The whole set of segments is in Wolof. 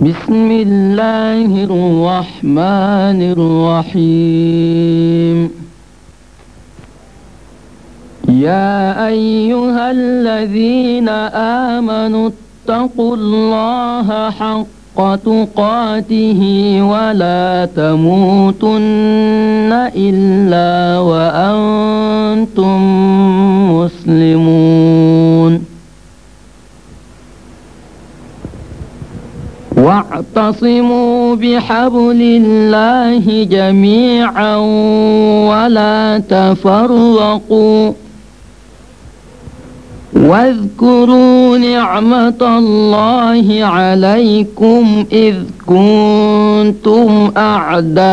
بسم الله الرحمن الرحيم يا أيها الذين آمنوا اتقوا الله حق تقاته ولا تموتن إلا وأنتم مسلمون واعتصموا بحبل الله جميعا ولا تفرقوا واذكروا نعمة الله عليكم إذ كنتم أعداء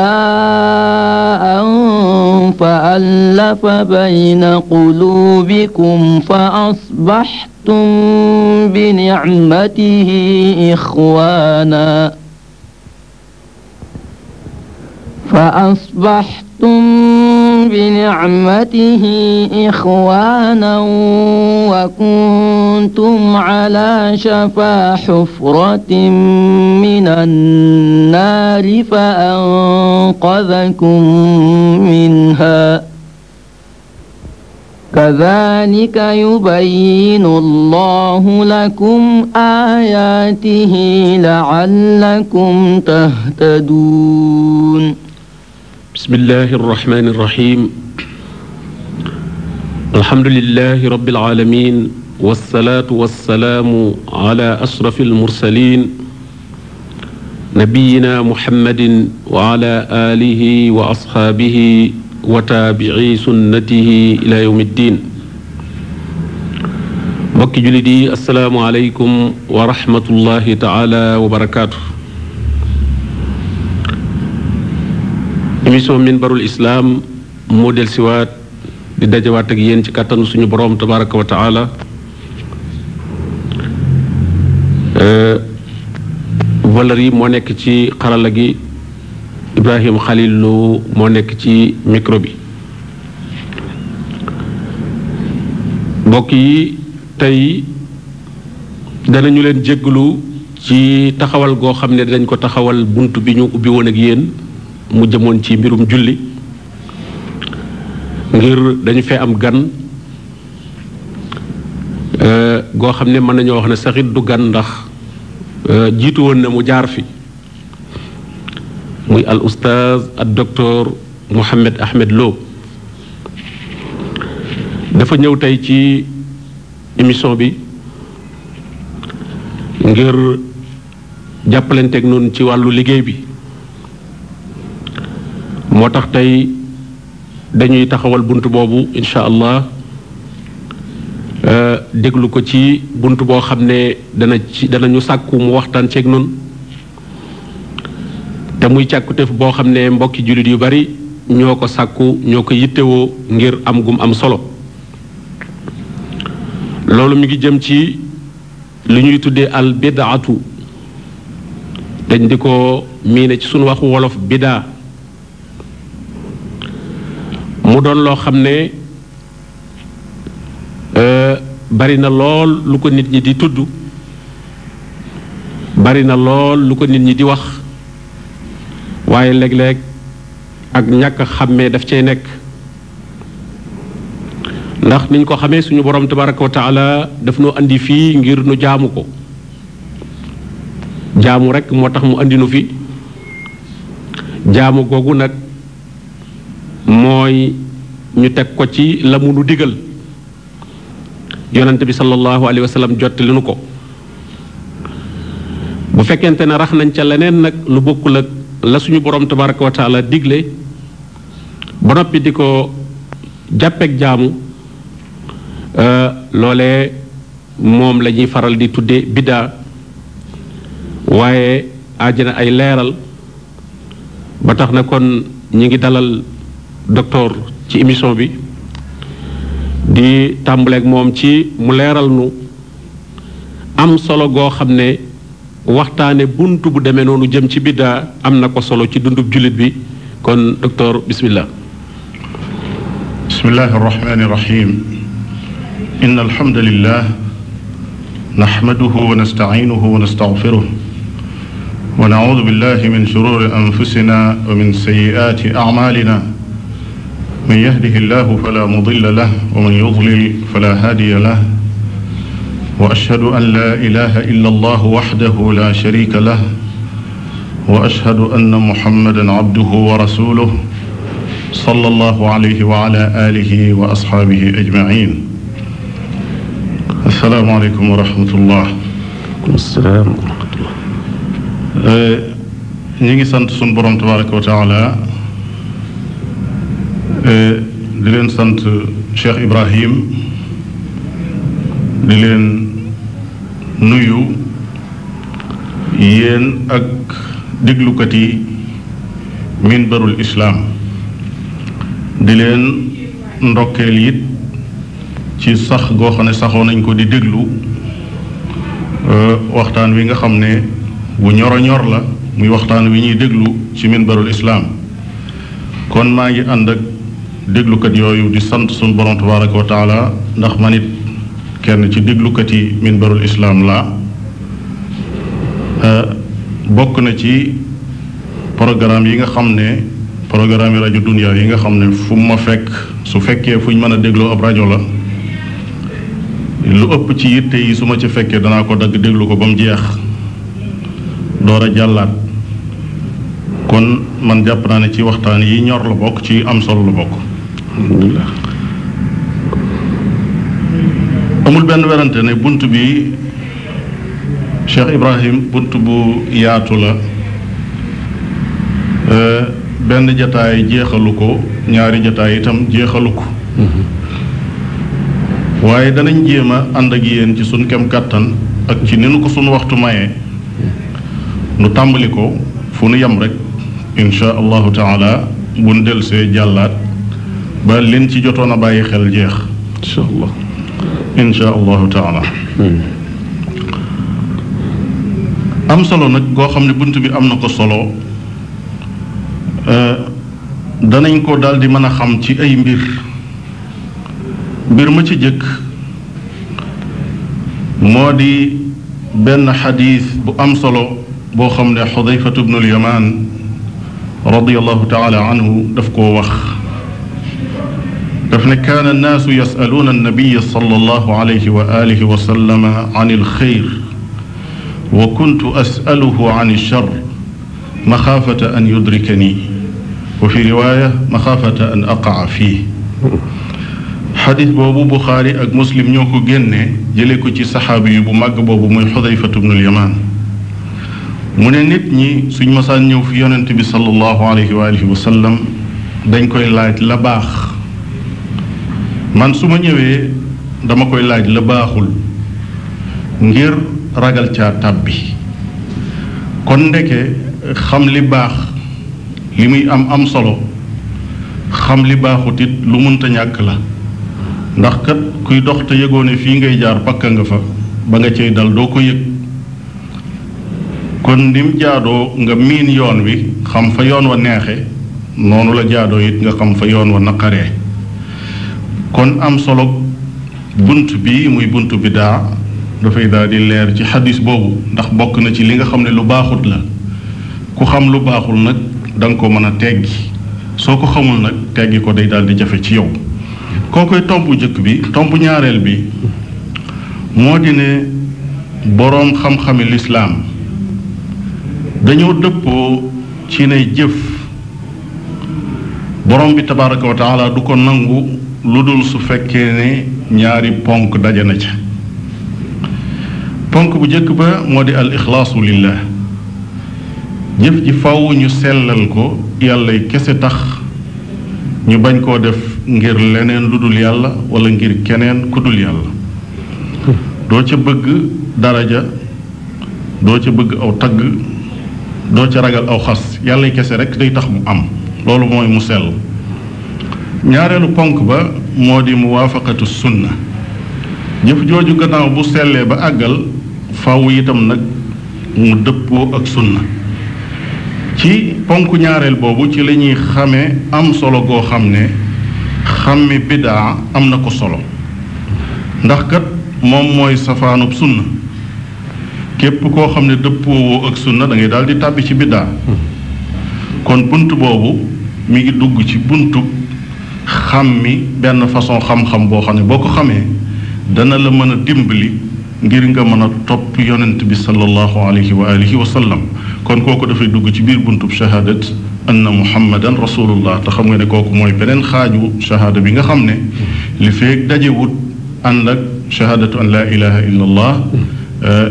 فألف بين قلوبكم فأصبحتم بنعمته إخوانا فأصبحتم بنعمته إخوانا وكنتم على شفا حفرة من النار فأنقذكم منها كذلك يبين الله لكم آياته لعلكم تهتدون bismillahi arrahmani irrahim alhamdulilahi rabilalamin walsalaatu walsalaamu ala ashraf almursalin nabiyina muhammadin waala alihi wa asxaabihi wa taabici sunnatihi ila yowm ddin mbokki jullit yi asalaamu aleykum wa rahmatullahi taala wa barakaatu émission minbarul islaam moo del siwaat di dajawaat ak yéen ci kàttanu suñu boroom tabaraka wa taala euh, valeur moo nekk ci xarala gi Ibrahim Khalil Lo moo nekk ci micro bi mbokk yi tey danañu leen jéggalu ci taxawal goo xam ne dañ ko taxawal bunt bi ñu ubbi woon ak yéen mu jëmoon ci mbirum julli ngir dañu fee am gan euh, goo xam ne mën nañoo wax ne saxit du gan ndax euh, jiitu woon na mu jaar fi muy al oustaz ak docteur Mouhamed Ahmed Lo dafa ñëw tey ci émission bi ngir jàppalanteeg noonu ci wàllu liggéey bi moo tax tey dañuy taxawal bunt boobu incha allah euh, déglu ko ci bunt boo xam ne dana ci dana ñu sàkku mu waxtaan ceeg nun te muy càkkutéef boo xam ne mbokki jullit yu bari ñoo ko sàkku ñoo ko yittewoo ngir am gum am solo loolu mu ngi jëm ci li ñuy tuddee al bidaatu dañ di ko miine ci sunu waxu wolof bidaa mu doon loo xam ne euh, bari na lool lu ko nit ñi di tudd bari na lool lu ko nit ñi di wax waaye léeg-léeg ak ñàkk xàmmee daf cay nekk ndax niñ ko xamee suñu borom tabaraka wa taala daf noo andi fii ngir nu jaamu ko jaamu rekk moo tax mu andi nu fi jaamu googu nag mooy ñu teg ko ci la mu digal yonent bi sallallahu alayhi wa sallam jottali nu ko bu fekkente ne rax nañ ca leneen nag lu bokkul ak la suñu borom tabaraka wa digle ba noppi di ko jàppeeg jaamu euh, loole moom lañuy faral di tudde biddaa waaye na ay leeral ba tax na kon ñi ngi dalal docteur ci émission bi di tàmbaleeg moom ci mu leeral nu am solo goo xam ne waxtaane bunt bu demee noonu jëm ci biddaa am na ko solo ci dundub jullit bi kon docteur bismillah bismillahi arrahmani irrahim inna alhamdulillah nahmaduhu wa nastaciinuhu wa nastacfiruh wa nacuudu billahi min shururi anfusina wa min sayiaati acmaalina من يهده الله فلا مضل له ومن يضلل فلا هادي له وأشهد أن لا إله إلا الله وحده لا شريك له وأشهد أن محمدا عبده ورسوله صلى الله عليه وعلى آله وأصحابه أجمعين السلام عليكم ورحمة الله السلام ñu ngi sant sunu borom tabaraka wa taala di leen sant Cheikh Ibrahim di leen nuyu yéen ak déglukat yi minbarul islaam di leen ndokkeel yit ci sax goo ne saxoo nañ ko di déglu euh, waxtaan wi nga xam ne bu ñoro ñor la muy waxtaan wi ñuy déglu ci minbarul islaam kon maa ngi ànd ak déglukat yooyu di sant suñu borom tabaraka wa taala ndax man it kenn ci déglukat yi minbarul islaam la euh, bokk na ci programme yi nga xam ne programme yi rajo dunia yi nga xam ne fu ma fekk su fekkee fu ñu mën a dégloo ab rajo la lu ëpp ci yitte yi su ma ci fekkee danaa ko dagg déglu ko ba mu jeex door jàllaat kon man jàpp naa ne ci waxtaan yi ñor la bokk ci am solo la bokk amul benn werante ne bunt bi Cheikh Ibrahim bunt bu yaatu la euh, benn jataay jeexalu ko ñaari jataay itam jeexalu ko waaye danañ jéem a ànd ak yéen ci suñ kem kàttan ak ci ni nu ko suñu waxtu mayee nu tàmbali ko fu nu yem rek insha allahu taala buñ delsee jàllaat ba leen ci jotoon a bàyyi xel jeex. incha allah incha allahu taala. Hmm. am solo nag goo xam ne bunt bi am na ko solo euh, danañ ko daal di mën a xam ci ay mbir mbir ma ci jëkk moo di benn xadiis bu am solo boo xam ne xudayfatu bnul yamaan radiallahu taala anhu daf koo wax daf ne kaana annaasu yasaluuna annabiya sallallahu alayhi wa alihi wa sallama an alxayr wa kuntu asaluhu an alchar maxaafata an yudrikani wa fi riwaaya maxaafata an aqaa fii xadis boobu buxaari ak muslim ñoo ko génne jële ko ci saxaabi yu bu màgg boobu muy xudayfatu bnul yamaan mu ne nit ñi suñ masaan ñëw fi yonent bi sallallahu alayhi wa alihi wa sallam dañ koy laaj la baax man su ma ñëwee dama koy laaj la baaxul ngir ragal caa tàbbi kon ndeke xam li baax li muy am am solo xam li baaxut it lu mënta ñàkk la ndax kat kuy dox te yëgoo ne fii ngay jaar pakka nga fa ba nga cey dal doo ko yëg kon nim jaadoo nga miin yoon wi xam fa yoon wa neexe noonu la jaadoo it nga xam fa yoon wa naqaree kon am solo bunt bi muy bunt bi daa dafay daal di leer ci xadis boobu ndax bokk na ci li nga xam ne lu baaxut la ku xam lu baaxul nag danga ko mën a teggi soo ko xamul nag teggi ko day daal di jafe ci yow koo koy tomb jëkk bi tomb ñaareel bi moo di ne boroom xam-xami lislaam dañoo dëppoo ci ne jëf borom bi tabaraka wa du ko nangu lu dul su fekkee ne ñaari ponk daje na ca ponk bu jëkk ba moo di al ixlaasu lillah jëf ji faw ñu sellal ko yàllay kese tax ñu bañ koo def ngir leneen lu dul yàlla wala ngir keneen ku dul yàlla doo ca bëgg dara ja doo ca bëgg aw tagg doo ca ragal aw xas yàllay kese rek day tax mu am loolu mooy mu sell ñaareelu ponk ba moo di mu muwaafaqatu sunna jëf jooju gannaaw bu sellee ba àggal faw itam nag mu dëppoo ak sunna ci ponk ñaareel boobu ci la ñuy xamee am solo goo xam ne xàmme bidaa am na ko solo ndax kat moom mooy safaanub sunna képp koo xam ne dëppoowoo ak sunna da ngay daal di tàbbi ci biddaa kon bunt boobu mi ngi dugg ci buntu xam mi benn façon xam-xam boo xam ne boo ko xamee dana la mën a dimbali ngir nga mën a topp yonent bi sallallahu alayhi wa alihi wa sallam kon kooku dafay dugg ci biir buntub shahaadat anna muhammadan rasulullah te xam nga ne kooku mooy beneen xaaju shahaada bi nga xam ne li feeg dajewut ànd ak shahaadatu an laa ilaha illa allah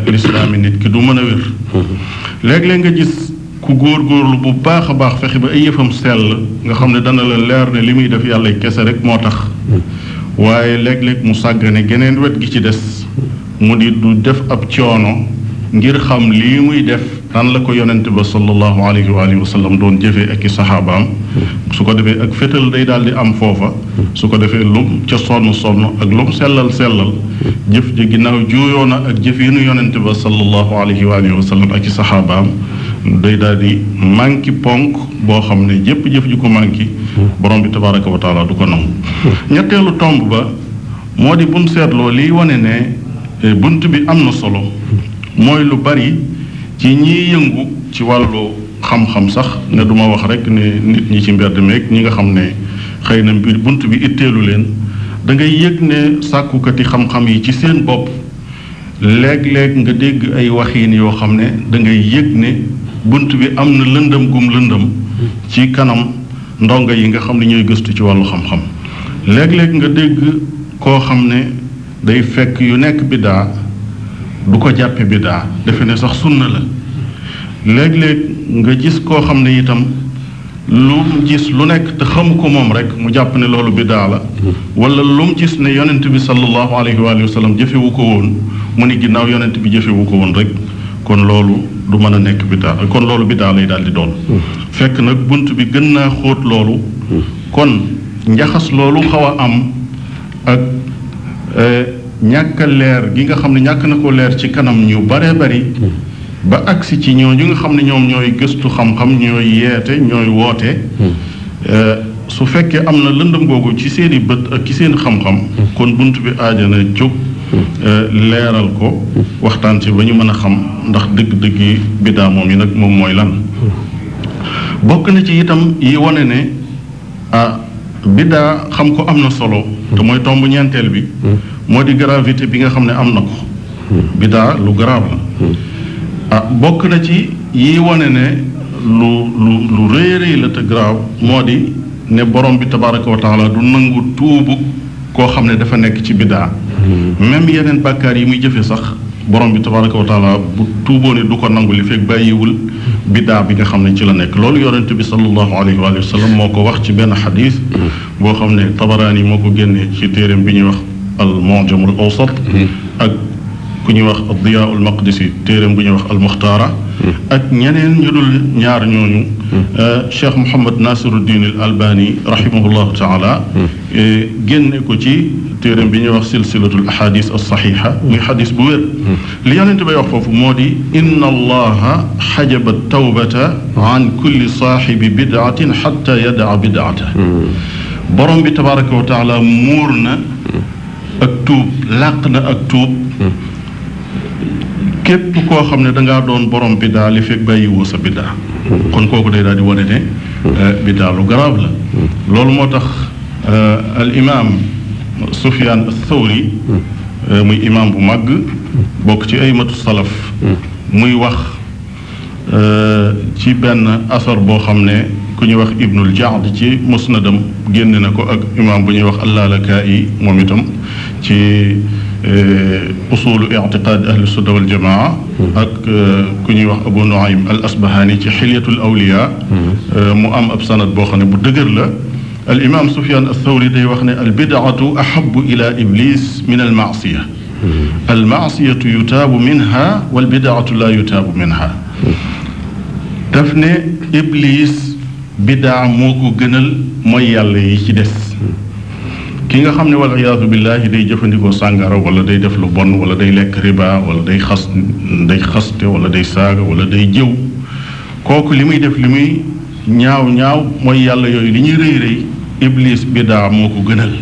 lislaami euh, nit ki du mën a wér mm-hmm. léeg nga gis ku góor góorlu bu baax a baax fexe ba ay yëfam sell nga xam ne dana la leer ne li muy def yàlla kese rek moo tax waaye léeg-léeg mu sàggane geneen wet gi ci des mu di du def ab coono ngir xam lii muy def nan la ko yonent ba sallallahu alayhi wa alihi wa jëfee ak i saxaabaam su ko defee ak fétal day daal di am foofa su ko defee lum ca sonn sonn ak lum sellal sellal jëf ji ginnaaw juuyoo na ak jëf yi nu yonent ba sallallahu alayhi wa alihi wa sallam ak i saxaabaam day daal di manqué ponk boo xam ne jëpp jëf ju ko manqué borom bi tabaraka wa taala du ko nangu ñetteelu tomb ba moo di buñ seetloo liy wane ne eh, bunt bi am na solo mooy lu bari ci ñiy yëngu ci wàllu xam-xam sax ne duma wax rek ne nit ñi ci mbedd meeg ñi nga xam ne xëy na mbir bunt bi teelu leen da ngay yëg ne sàkkukati xam-xam yi ci seen bopp léeg-léeg nga dégg ay waxiin yoo xam ne dangay ngay yëg ne bunt bi am na lëndëm gum lëndëm ci kanam ndongo yi nga xam ne ñooy gëstu ci wàllu xam-xam léeg-léeg nga dégg koo xam ne day fekk yu nekk biddaa du ko jàppe biddaa defe ne sax sunna la léeg-léeg nga jis koo xam ne itam lu mu gis lu nekk te xamu ko moom rek mu jàpp ne loolu biddaa la wala lu mu gis ne yonent bi sallallahu alayhi wa sallam jëfewu ko woon mu ne ginnaaw yonent bi jëfewu ko woon rek kon loolu du mën a nekk biddaa kon loolu biddaa lay daal di doon. Hmm. fekk nag bunt bi gën naa xóot loolu. Hmm. kon njaxas loolu xaw a am ak eh, ñàkk leer gi nga xam ne ñàkk na ko leer ci kanam ñu baree bari. Hmm. ba agsi ci ñooñu nga xam ne ñoom ñooy gëstu xam-xam ñooy yeete ñooy woote. Eh, su fekkee am na lëndëm googu ci seeni bët ak ci seen xam-xam. kon bunt bi aaja na jóg. Euh, leeral ko waxtaan ci ba ñu mën a xam ndax dëgg-dëggi biddaa moom yi nag moom mooy lan bokk na ci itam yi wane ne ah biddaa xam ko am na solo te mooy tomb ñeenteel bi moo di gravité bi nga xam ne am na ko biddaa lu grave la bokk na ci yi wane ne lu lu lu rëy rëy la te grave moo di ne borom bi tabaraka wa taala du nangu tuubu koo xam ne dafa nekk ci biddaa même yeneen bàkkaar yi muy jëfe sax borom bi tabaraka wa taala bu tuuboone du ko nangu li fekk bàyyiwul biddaa bi nga xam ne ci la nekk loolu yonente bi salallahu alayhi wa sallam moo ko wax ci benn xadis boo xam ne tabaraani moo ko génnee ci téeréem bi ñu wax al mujamul awsat ak ku ñuy wax ad diyaul maqdisi téeréem bu ñuy wax al muxtaara ak ñeneen ñu dul ñaar ñooñu mm-hmm. euh, cheikh mouhamad nasiruddin al albani rahimahullahu taala mm-hmm. euh, génne ko ci téeram bi ñuy wax silsilatul ahadis alsaxixa mm-hmm. muy xadis bu wér li yonente bay wax foofu moo di inna allaha xajaba tawbata an kulli saaxibi bidaatin xata yadaa bidaata borom bi tabaraka wa taala muur na ak tuub làq na ak tuub képp koo xam ne danga doon boroom biddaa li fekk bàyyiwoo sa biddaa kon kooku day daal di wane ne euh, biddaa lu la loolu moo tax euh, al imaam Sufyaan Thawri euh, muy imaam bu mag bokk ci ay matu salaf muy wax ci benn asar boo xam ne ku ñuy wax ibnul jaad ci musnadam génn na ko ak imaam bu ñuy wax allaalakaay moom itam ci Euh, usulu ictiqaad ahlu sunna wal jamaa hmm. ak euh, ku ñuy wax abu nuaym al asbahaani ci xilyatul awliya hmm. euh, mu am ab sanad boo xam ne bu dëgër la al imam sufyan athawri day wax ne al bidaatu ahabu ila iblis min al maasiya hmm. al maasiyatu yutaabu minha wal bidaatu laa yutaabu minha daf ne iblis bidaa moo ko gënal mooy yàlla yi ci des ki nga xam ne wal iyaadu billaahi day jëfandikoo sàngara wala day def lu bon wala day lekk riba wala day xas day xaste wala day saaga wala day jëw kooku li muy def li muy ñaaw ñaaw mooy yàlla yooyu li ñuy rëy rëy iblis biddaa moo ko gënal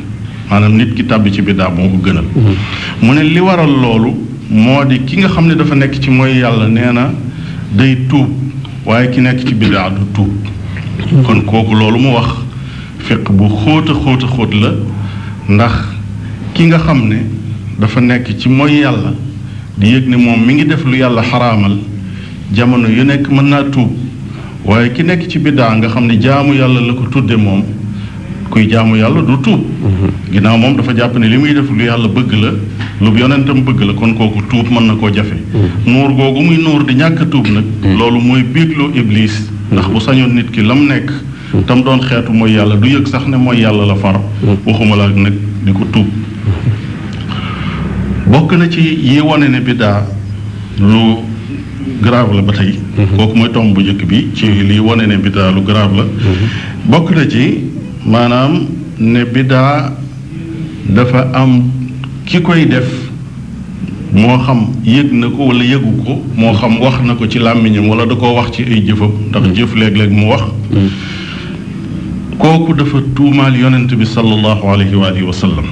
maanaam nit ki tàbbi ci biddaa moo ko gënal mm-hmm. mu ne li waral loolu moo di ki nga xam ne dafa nekk ci mooy yàlla nee na day tuub waaye ki nekk ci biddaa du tuub mm-hmm. kon kooku loolu mu wax fiq bu xóot a xóot xóot la ndax ki nga xam ne dafa nekk ci mooy yàlla di yëg ne moom mi ngi def lu yàlla xaraamal jamono yu nekk mën naa tuub waaye ki nekk ci biddaa nga xam ne jaamu yàlla la ko tudde moom kuy jaamu yàlla du tuub mhm. ginnaaw moom dafa jàpp ne li muy def lu yàlla bëgg la lu yonentam bëgg la kon kooku tuub mën na koo jafe mhm. nuur googu muy nuur di ñàkk tuub nag mhm. loolu mooy biigloo iblis ndax bu sañoon nit ki la mu nekk tam doon xeetu mooy yàlla du yëg sax ne mooy yàlla la far mm. waxuma la nag di ko tuub bokk na ci yi wane ne biddaa lu grave la ba tey mm-hmm. kooku mooy bu njëkk bi lii wane ne biddaa lu grave mm-hmm. bokk na ci maanaam ne biddaa dafa am ki koy def moo xam yëg na ko wala yëgu ko moo xam wax na ko ci làmmiñam wala da koo wax ci ay jëfam ndax mm-hmm. jëf léeg-léeg mu wax kooku dafa tuumaal yonent bi sallallahu alayhi wa alihi wa sallam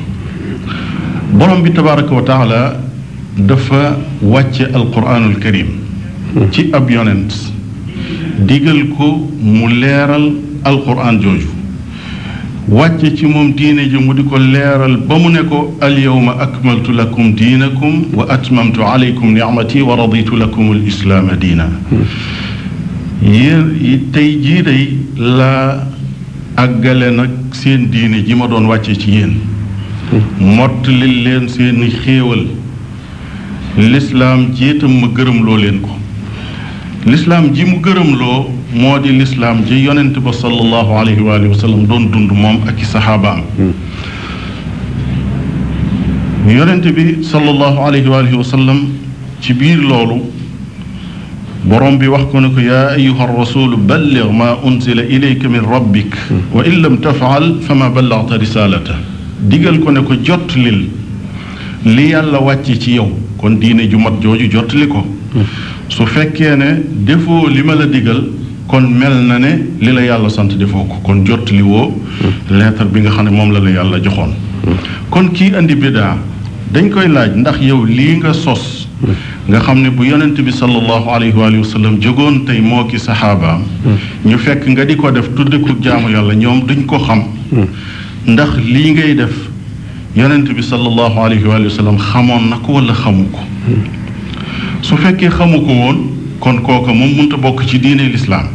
borom bi tabaraka wa taala dafa wàcce alquranul karim ci ab yonent digal ko mu leeral alquran jooju wàcce ci moom diine ji mu di ko leeral ba mu ne ko alyawma akmaltu lakum diinakum wa atmamtu alaykum nicmati wa raditu lakum alislaama diina hmm. yéen tey jii day laa àggale nag seen diine ji ma doon wàcce ci yéen mottali leen seeni xéewal lislaam ji itam ma gërëmloo leen ko lislaam ji mu gërëmloo moo di lislaam ji yonent ba sallallahu alayhi wa sallam doon dund moom ak i saxaabaam yonent bi sallallahu alayhi wa sallam ci biir loolu borom bi wax ko ne ko yaa ayuha rasul ballig ma unzila ilayka min rabbik wa in la tafaal fa ma ballagta risalata digal ko ne ko jotlil li yàlla wàcce ci yow kon diine jumat mat jooju jotli ko su fekkee ne defoo li ma la digal kon mel na ne li la yàlla sant defoo ko kon jotli woo lettre bi nga xam ne moom la la yàlla joxoon kon kii andi bidaa dañ koy laaj ndax yow lii nga sos nga xam ne bu yonent bi sallallahu alayhi wa sallam jógoon tey moo ki saxaabaam ñu fekk nga di ko def tudde ko jaamu yàlla ñoom duñ ko xam ndax lii ngay def yonent bi sallallahu alayhi wa sallam xamoon na ko wala xamu ko su fekkee xamu ko woon kon kooka moom mënta bokk ci diine lislaam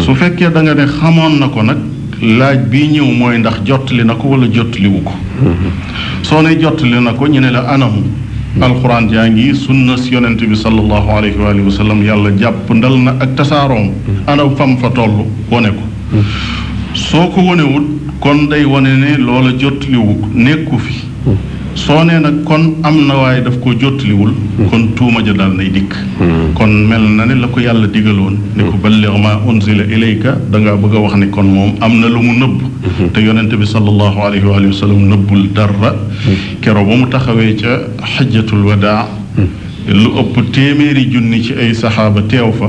su fekkee da nga ne xamoon na ko nag laaj bi ñëw mooy ndax jottali na ko wala jottaliwu ko soo ne jottali na ko ñu ne la anamu alxuraan jaa ngi sunna si yonent bi sallallahu alayhi wa sallam yàlla jàpp ndal na ak tasaaroom ana fam fa toll wone ko soo ko wanewut kon day wane ne loola jot liwu nekku fi soo nee nag kon am na waaye daf ko jottaliwul hmm. kon tuuma ja daal nay dikk hmm. kon mel na ne la ko yàlla digaloon ne ko hmm. balligh ma unzila ilayka dangaa bëgg a wax ne kon moom am na lu mu nëbb te yonente bi sallallahu alayhi wa alihi wa sallam nëbbul dara kero ba mu taxawee ca xajjatul wadaa lu ëpp téeméeri junni ci ay saxaaba teew fa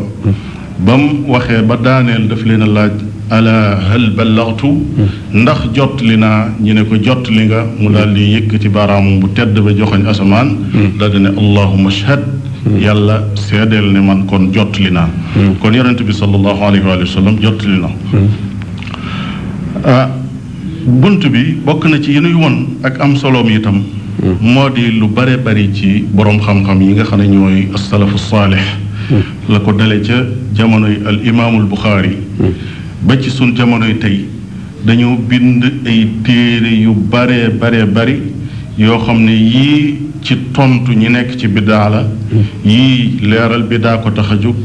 ba mu waxee ba daaneel daf leen a laaj ala hal ballagtu ndax jot li naa ñu ne ko jot li nga mu daal di yëkkati baaraamu bu tedd ba joxoñ asamaan daal ne allahuma ashhad yàlla seedeel ne man kon jot li naa kon yonent bi sallallahu alayhi wa jot li na ah, bunt bi bokk na ci yenuy won ak am soloom itam moo di lu bare bari ci boroom xam-xam yi nga xam ne ñooy asalafu saalix la ko dale ca jamonoy al imaamul buxaari ba ci sun jamonoy tey dañoo bind ay téere yu baree baree bari yoo xam ne yii ci tontu ñi nekk ci biddaa la yii leeral bi daa ko tax a jóg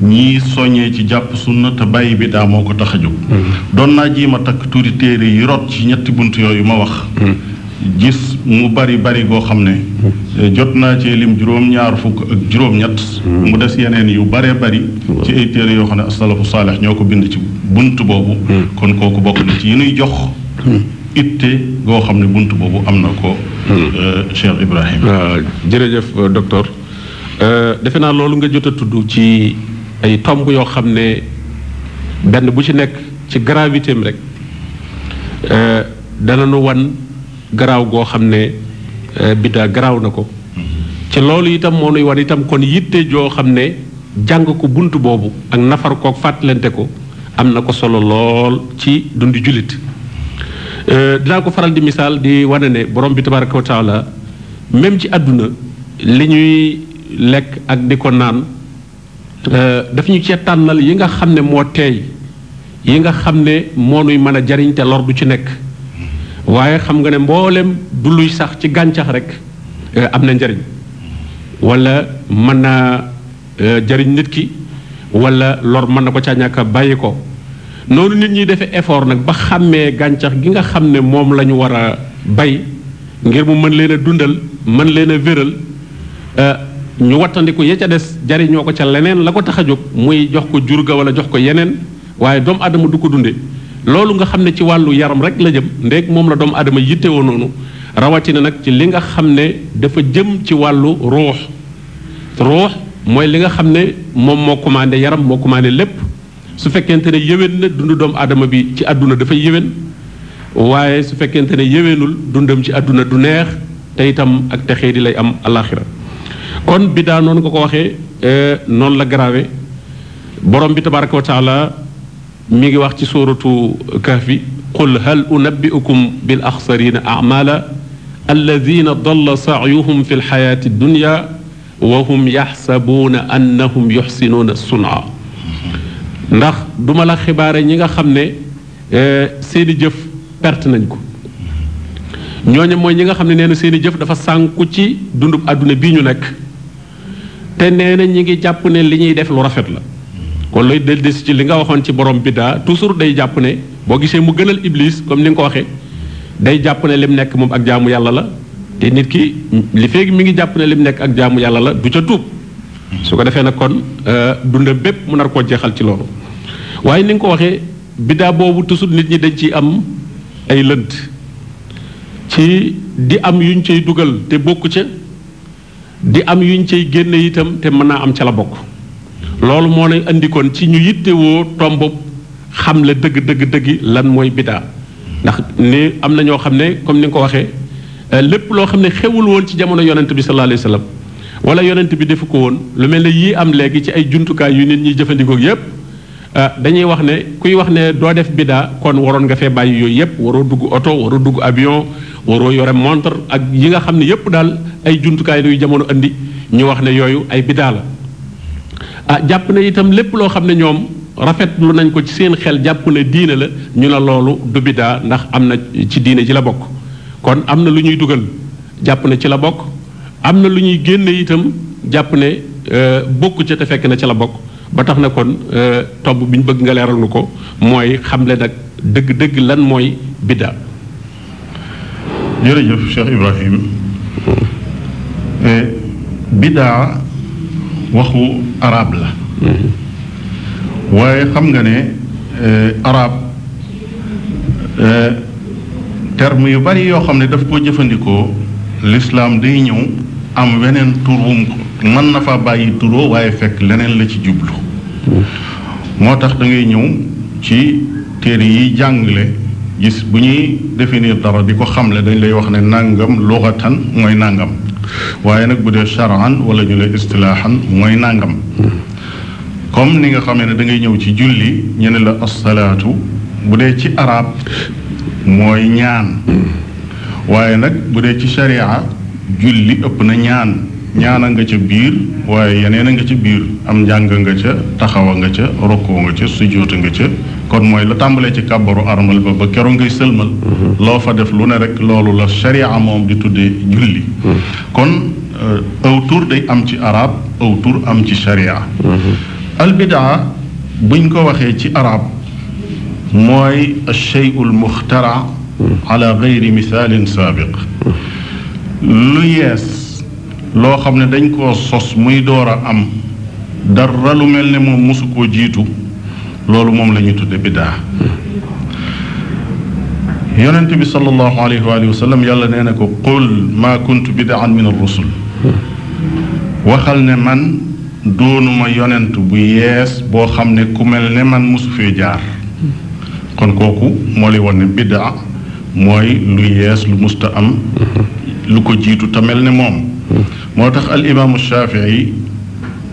ñii soññee ci jàpp sunna te bàyyi biddaa moo ko tax a jóg hmm. doon naa jii ma takk tuuti téere yi rot ci ñetti bunt yooyu ma wax hmm. gis mu bari bari goo xam ne hmm. jot naa ci lim juróom-ñaar fukk ak juróom-ñett hmm. mu des yeneen yu baree bari hmm. ci ay téere yoo xam ne asalafu saalix ñoo ko bind ci bunt boobu kon kooku bokk na ci yi nuy jox itte goo xam ne bunt boobu am na ko euh, Cheikh Ibrahim waaw ah, jërëjëf euh, docteur euh, defe naa loolu nga jot a tudd ci ay tomb yoo xam ne benn bu ci nekk ci gravité am rek dana nu wan garaaw goo xam ne euh, biddaa garaaw na ko ci loolu itam moo nuy wan itam kon yitte joo xam ne jàng ko bunt boobu ak nafar kook fàttalante ko am na ko solo lool ci dundi jullit euh, dinaa ko faral di misaal di wane ne borom bi tabaraka wa taala même ci àdduna li ñuy lekk ak di ko naan euh, daf ñu cee tànnal yi nga xam ne moo teey yi nga xam ne moo nuy mën a jariñ te lor du ci nekk waaye xam nga ne mbooleem du luy sax ci gàncax rek euh, am na njariñ wala mën naa euh, jariñ nit ki wala lor mën na ko caa ñàkk bàyyi ko noonu nit ñuy defee effort nag ba xàmmee gàncax gi nga xam ne moom la ñu war a bay ngir mu mën leen a dundal mën leen a wéral euh, ñu wattandiku ya ca des jariñoo ko ca leneen la ko tax a jóg muy jox ko jur ga wala jox ko yeneen waaye doomu aadama du ko dunde loolu nga xam ne ci wàllu yaram rek la jëm ndéeg moom la doomu aadama woo noonu rawatina nag ci li nga xam ne dafa jëm ci wàllu ruux ruux mooy li nga xam ne moom moo commandé yaram moo commandé lépp su fekkente ne yéwén na dund doomu aadama bi ci àdduna dafay yéwén waaye su fekkente ne yéwénul dundam ci àdduna du neex tey itam ak texee di lay am alaxira kon biddaa noonu nga ko waxee euh, noonu la grave borom bi tabaraka wa mi ngi wax ci suuratu kahfi qul hal unabbi'ukum bil axsarina a'mala alladina dalla saayuhum fi lxayaati dunya wa hum yaxsabuuna annahum yuxsinuuna sun'a ndax duma la xibaare ñi nga xam ne eh, seeni jëf perte nañ ko ñooñu mooy ñi nga xam ne nee seeni jëf dafa sànku ci dundub àdduna bii ñu nekk te nee na ñi ngi jàpp ne li ñuy def lu rafet la kon lay del des ci li nga waxoon ci borom biddaa toujours day jàpp ne boo gisee mu gënal iblis comme ni nga ko waxee day jàpp ne lim nekk moom ak jaamu yàlla la te nit ki li mi ngi jàpp ne lim nekk ak jaamu yàlla la du ca tuub su ko defee nag kon euh, dunda bépp mu nar koo jeexal ci loolu waaye ni nga ko waxee biddaa boobu toujours nit ñi dañ ciy am ay lënt ci di am yuñ cay dugal te bokku ca di am yuñ cay génne itam te mën naa am ca la bokk loolu moo indi kon ci ñu yittewoo tomb xam le dëgg dëgg dëgg lan mooy bidaa ndax ni am na ñoo xam ne comme ni nga ko waxee euh, lépp loo xam ne xewul woon ci jamono yonent bi sallallahu alayhi wa sallam wala yonent bi defu ko woon lu mel ne yii am léegi ci ay jumtukaay yu nit ñiy jëfandikoo yépp euh, dañuy wax ne kuy wax ne doo def bidaa kon waroon nga fee bàyyi yooyu yépp waroo dugg oto waroo dugg avion waroo yore montre ak yi nga xam ne yépp daal ay jumtukaay yu jamono indi ñu wax ne yooyu ay bidaa la ah jàpp ne itam lépp loo xam ne ñoom rafetlu nañ ko ci seen xel jàpp ne diine la ñu la loolu du bidaa ndax am na ci diine ci la bokk kon am na lu ñuy dugal jàpp ne ci la bokk am na lu ñuy génne itam jàpp ne euh, bokk ca fekk na ci la bokk ba tax na kon euh, tomb bi ñu bëgg nga leeral nu ko mooy xam xamle nag dëgg-dëgg lan mooy biddaa. Eh, biddaa. waxu arab la waaye xam nga ne eh, arab eh, terme yu bari yoo xam ne daf ko jëfandikoo lislaam day ñëw am weneen tur wum ko mën na fa bàyyi turoo waaye fekk leneen la ci jublu moo tax da ngay ñëw ci téere yi jàngle gis bu ñuy définir dara di ko xamle dañ lay wax ne nàngam luxatan mooy nàngam waaye nag bu dee charan wala ñu ne istilaaxan mooy nàngam comme ni nga xamee ne da ngay ñëw ci julli ñu ne la asalaatu bu dee ci arab mooy ñaan waaye nag bu dee ci sharia julli ëpp na ñaan ñaana nga ca biir waaye yeneen a nga ca biir am njàng nga ca taxawa nga ca rokkoo nga ca sujjóota nga ca kon mooy la tàmbalee ci kàbbaru armal ba ba keroog ngay sëlmal mm-hmm. loo fa def lu ne rek loolu la sharia moom di tuddee julli mm-hmm. kon euh, aw day am ci arab aw am ci sharia mm-hmm. albidaa buñ ko waxee ci arab mooy alsheyul muxtara ala gayri loo xam ne dañ koo sos muy door a am dara lu mel ne moom mosu koo jiitu loolu moom la ñuy tudde biddaa yonent bi sallallahu alayhi yàlla nee na ko qul maa kuntu bidaan min ar waxal ne man doonuma yonent bu yees boo xam ne ku mel ne man mosu fee jaar kon kooku moo lay wan ne biddaa mooy lu yees lu musta am lu ko jiitu te mel ne moom moo tax al imaamu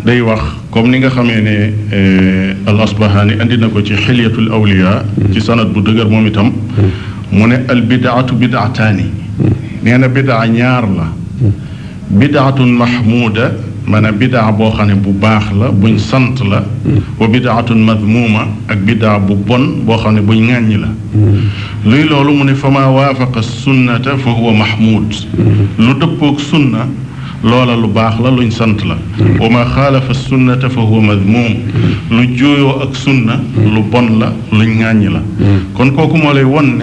day wax comme ni nga xamee ni eh, al asbahaani na ko ci xilyatul awliya ci sanad bu dëgër moom itam mu ne al bidaatu bidaataani nee bidaa ñaar la bidaatun mahmuuda maanaam bidaa boo xam ne bu baax la buñ sant la wa bidaatun madmuuma ak bidaa bu bon boo xam ne buñ ŋàññi la luy loolu mu ne fa maa waafaqa sunnata fa huwa mahmuud lu dëppoog sunna loola lu baax la luñ sant la hmm. wa ma xaalafa sunnata fa huwa madmum hmm. lu jooyoo ak sunna hmm. lu bon la luñ ŋàññi la kon kooku moo lay won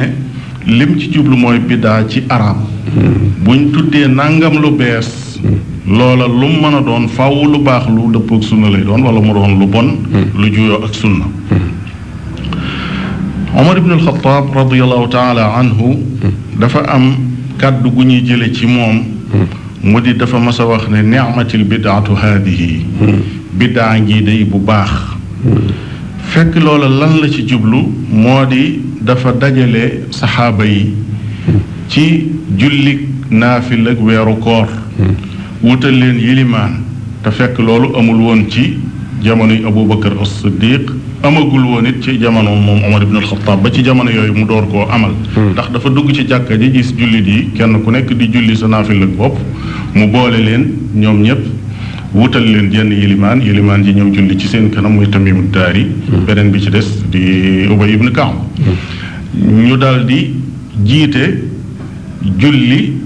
lim ci jublu mooy bidaa ci arab buñ tuddee nangam lu bees loola lu mën a doon fàww lu baax lu dëppook sunna lay doon wala mu doon lu bon lu juyoo ak sunna Omar ibn al radiallahu taala dafa am kàddu gu ñuy jële ci moom mu di dafa mas a wax ne ni'matil bidaatu haadihi bidaa ngi day bu baax fekk loola lan la ci jublu moo di dafa dajale saxaaba yi ci jullik naafil ak weeru koor wutal leen yilimaan te fekk loolu amul woon ci jamonoy abubakar as-siddiq amagul woon it ci jamono moom Omar ibn al-Khattab ba ci jamono yooyu mu door koo amal. Hmm. ndax dafa dugg ci jàkka ji gis jullit yi kenn ku nekk di julli sa naafil ak bopp mu boole leen ñoom ñëpp wutal leen jenn yilimaan yilimaan ji ñoom julli ci seen kanam muy Tamimu yi hmm. beneen bi ci des di Ubay ibn Kaab. Hmm. ñu daal di jiite julli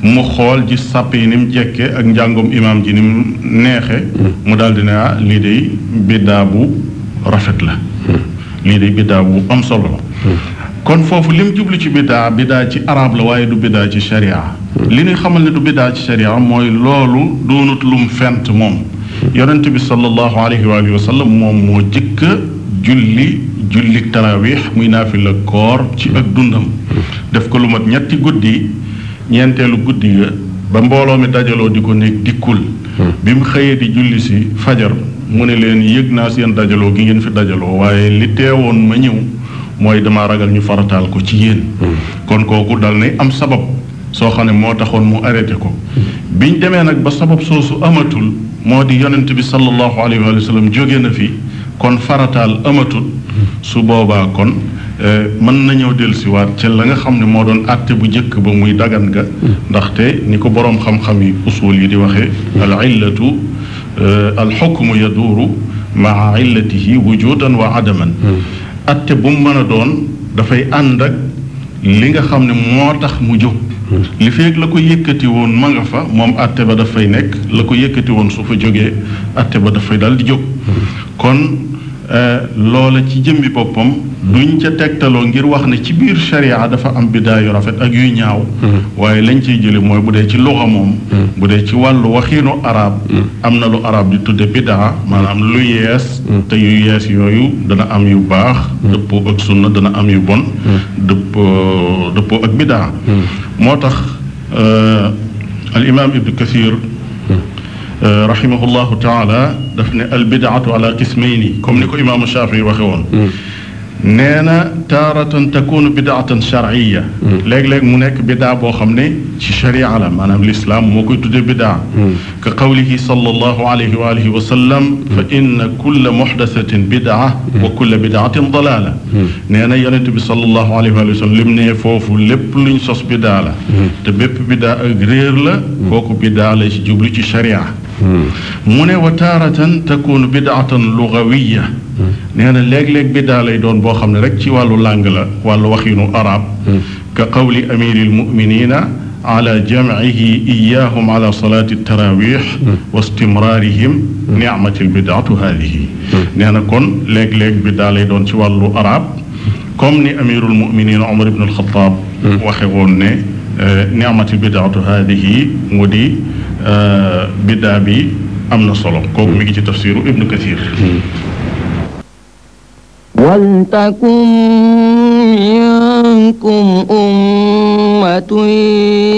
mu xool ji sàpp yi ni mu jekke ak njàngoom imaam ji ni mu neexe mu daal di ne ah lii biddaa bu. rafet la hmm. lii de biddaa bu am solo la hmm. kon foofu lim jublu ci biddaa biddaa ci arab la waaye du biddaa ci sharia hmm. li ñuy xamal ne du biddaa ci sharia mooy loolu doonut lum fent moom yonent bi sallallahu alayhi wa alihi moom moo jëkk julli julli taraawix muy naafila koor ci ak dundam def ko lu mat ñetti guddi ñeenteelu guddi ga ba mbooloo mi dajaloo di ko nekk dikkul bi xëyee di julli si fajar mu ne leen yëg naa seen dajaloo gi ngeen fi dajaloo waaye li teewoon ma ñëw mooy dama ragal ñu farataal ko ci yéen hmm. kon kooku dal nay am sabab soo xam ne moo taxoon mu arrêté ko hmm. biñ demee nag ba sabab soosu amatul moo di yonent bi sallallahu alayhi wa sallam jóge na fi kon farataal amatul hmm. su boobaa kon eh, mën nañoo dellusiwaat ca la nga xam ne moo doon àtte bu njëkk ba muy dagan ga ndaxte ni ko boroom xam-xam yi usul yi di waxee al illatu Euh, alxukmu yaduuru maa illatihi wujudan wa adaman hmm. atte bu mu mën a doon dafay ànd ak li nga xam ne moo tax mu jóg hmm. li feeg la ko yëkkati woon ma nga fa moom atte ba dafay nekk la ko yëkkati woon su fa jógee atte ba dafay dal di jóg hmm. kon Euh, loola ci jëmbi boppam duñ ca tegtaloo ngir wax ne ci biir sharia dafa am biddaa yu rafet ak yuy ñaaw mm-hmm. waaye lañ ciy jëli mooy bu dee ci luxa moom mm-hmm. bu dee ci wàllu waxiinu arab mm-hmm. am na lu arab di tudde bidaa maanaam lu yees te yu yees yooyu dana am yu baax dëppoo ak sunna dana am yu bon dëppoo ak bidaa moo tax euh, al ibnu kasir Euh, rahimahullahu taala daf ne al bidaatu ala qismayni comme ni ko imaamu Shaafi waxe woon hmm. nee na taaratan takunu bidaatan charia hmm. léeg-léeg mu nekk bidaa boo xam ne ci charia la maanaam lislaam moo koy tuddee bidaa hmm. ka qawlihi sallallahu alayhi wa alihi wa sallam fa inna kulla muxdasatin bidaa wa kulla bidaatin dalaala nee na yonent bi sallallahu alayhi wa sallam lim ne foofu lépp luñ sos bidaa la te bépp bidaa ak réer la kooku bidaa la ci jublu ci charia Hmm. mu ne wa taaratan takunu bidaatan lugawiya hmm. nee na léeg-léeg bidaa lay doon boo xam ne rek ci wàllu làng la wàllu waxinu arab hmm. ka qawli amiril muminina ala jamcihi iyahum ala salaati tarawix wa istimraarihim nicmatil bidaatu haadihi nee na kon léeg-léeg bidaa lay doon ci wàllu arab comme ni amirul muminina omar ibn alxataab waxe woon ne eh, nicmatil bidaatu haadihi mu di Euh, biddaa bi am na solo kooku mi ngi ci tafsiru ibnu kathir waltakum minkum ummatun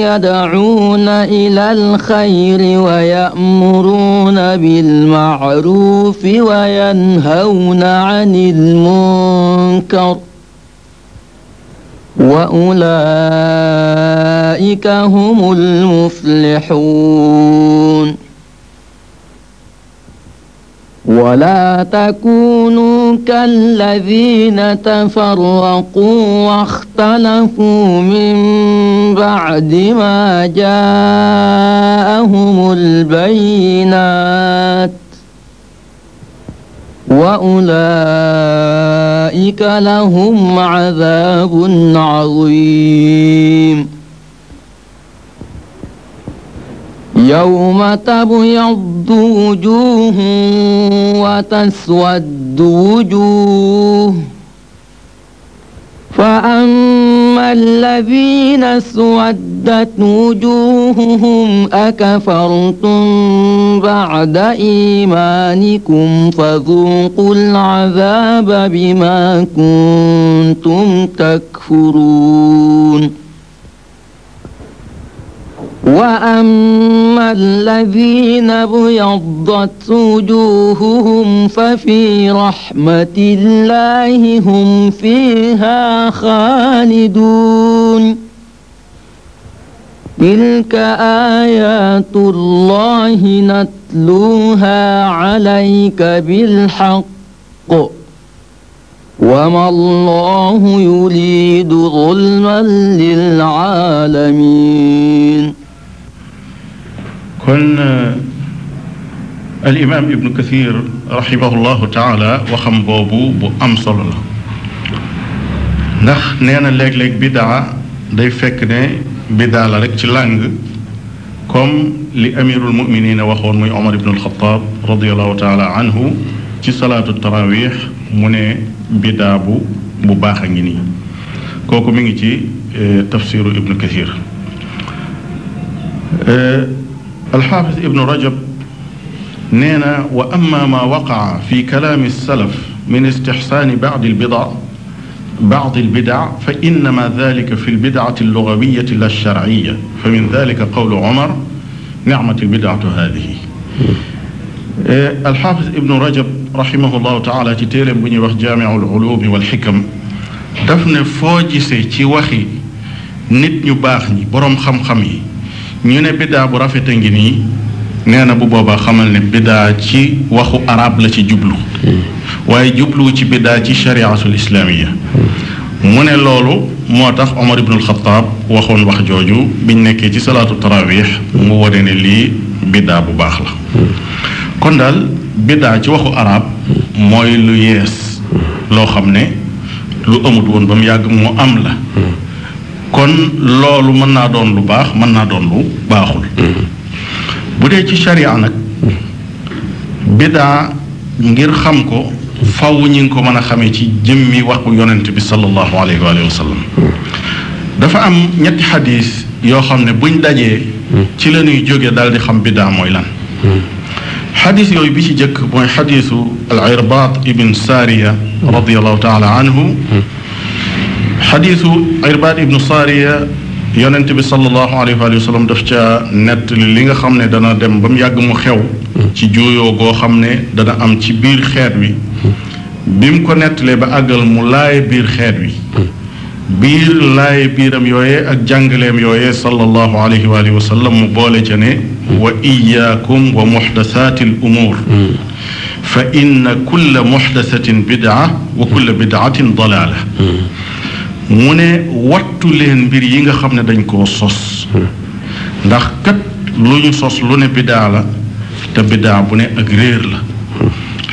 yad'uuna ila alxayri wa ya'muruuna bilma'ruufi wa yanhawna 'anil munkar واولئك هم المفلحون ولا تكونوا كالذين تفرقوا واختلفوا من بعد ما جاءهم البينات وأولئك لهم عذاب عظيم يوم تبيض وجوه وتسود وجوه فأما الذين اسودت وجوههم أكفرتم بعد إيمانكم فذوقوا العذاب بما كنتم تكفرون واما الذين ابيضت وجوههم ففي رحمه الله هم فيها خالدون تلك ايات الله نتلوها عليك بالحق وما الله يريد ظلما للعالمين kon euh, al imam ibnu kathir rahimahullahu taala waxam boobu bu am solo la ndax nee na léeg-léeg bidaa day fekk ne bidaa la rek ci langue comme li amirul muminina waxoon muy omar ibnu alxataab radiallahu taala anhu ci salaatu tarawix mu ne bidaa bu bu baax a ngi nii kooku mi ngi ci euh, tafsiru ibnu kathir euh, alxaafis ibnu rajab nee na wa ama maa waqaca fi kalaami salaf min istixsaani bacdi lbida bacdi lbidac fa innama dalika fi lbidcati allugawiyati la sharciya fa min dalika qawlu omar nicmat albidcatu haadihi e, alxaafis ibnu rajab raximahu llahu taala ci téeréem bu ñuy wax jaamicu lulumi walxikam daf ne foo gisee ci waxi nit ñu baax ñi boroom xam-xam yi ñu ne biddaa bu rafet a ngi nii nee na bu boobaa xamal ne biddaa ci waxu araab la ci jublu hmm. waaye jubluwu ci biddaa ci shariatul islaamiya mu ne loolu moo tax Omar ibnul Xataab waxoon wax jooju biñ nekkee ci salaatu tarawih mu wone ne lii biddaa bu baax la hmm. kon daal biddaa ci waxu araab mooy lu yees hmm. loo xam ne lu amut woon ba mu yàgg mu am la kon loolu mën naa doon lu baax mën naa doon lu baaxul bu dee ci sharia nag bidaa ngir xam ko faw ñi ngi ko mën a xamee ci jëmmi waxu yonent bi sallallahu alayhi wa sallam dafa am ñetti xadis yoo xam ne buñ dajee ci la jóge daal di xam bidaa mooy lan xadis yooyu bi ci jëkk mooy xadisu al irbaat ibn saariya radiallahu taala anhu xadiisu irbaad ibnu saariya yonent bi sallallahu alayhi wa sallam daf ca nett li nga xam ne dana dem ba mu yàgg mu xew ci juuyoo goo xam ne dana am ci biir xeet wi bi mu ko nettalee ba àggal mu laaye biir xeet wi biir laaye biiram yooyee ak jàngaleem yooyee sallallahu alayhi wa sallam mu boole ca ne wa iyaakum wa muxdasaati l umuur fa inna kulla muxdasatin bidaa wa kulla bidaatin dalaala mu ne wattu leen mbir yi nga xam ne dañ koo sos ndax kat lu ñu sos lu ne biddaa la te biddaa bu ne ak réer la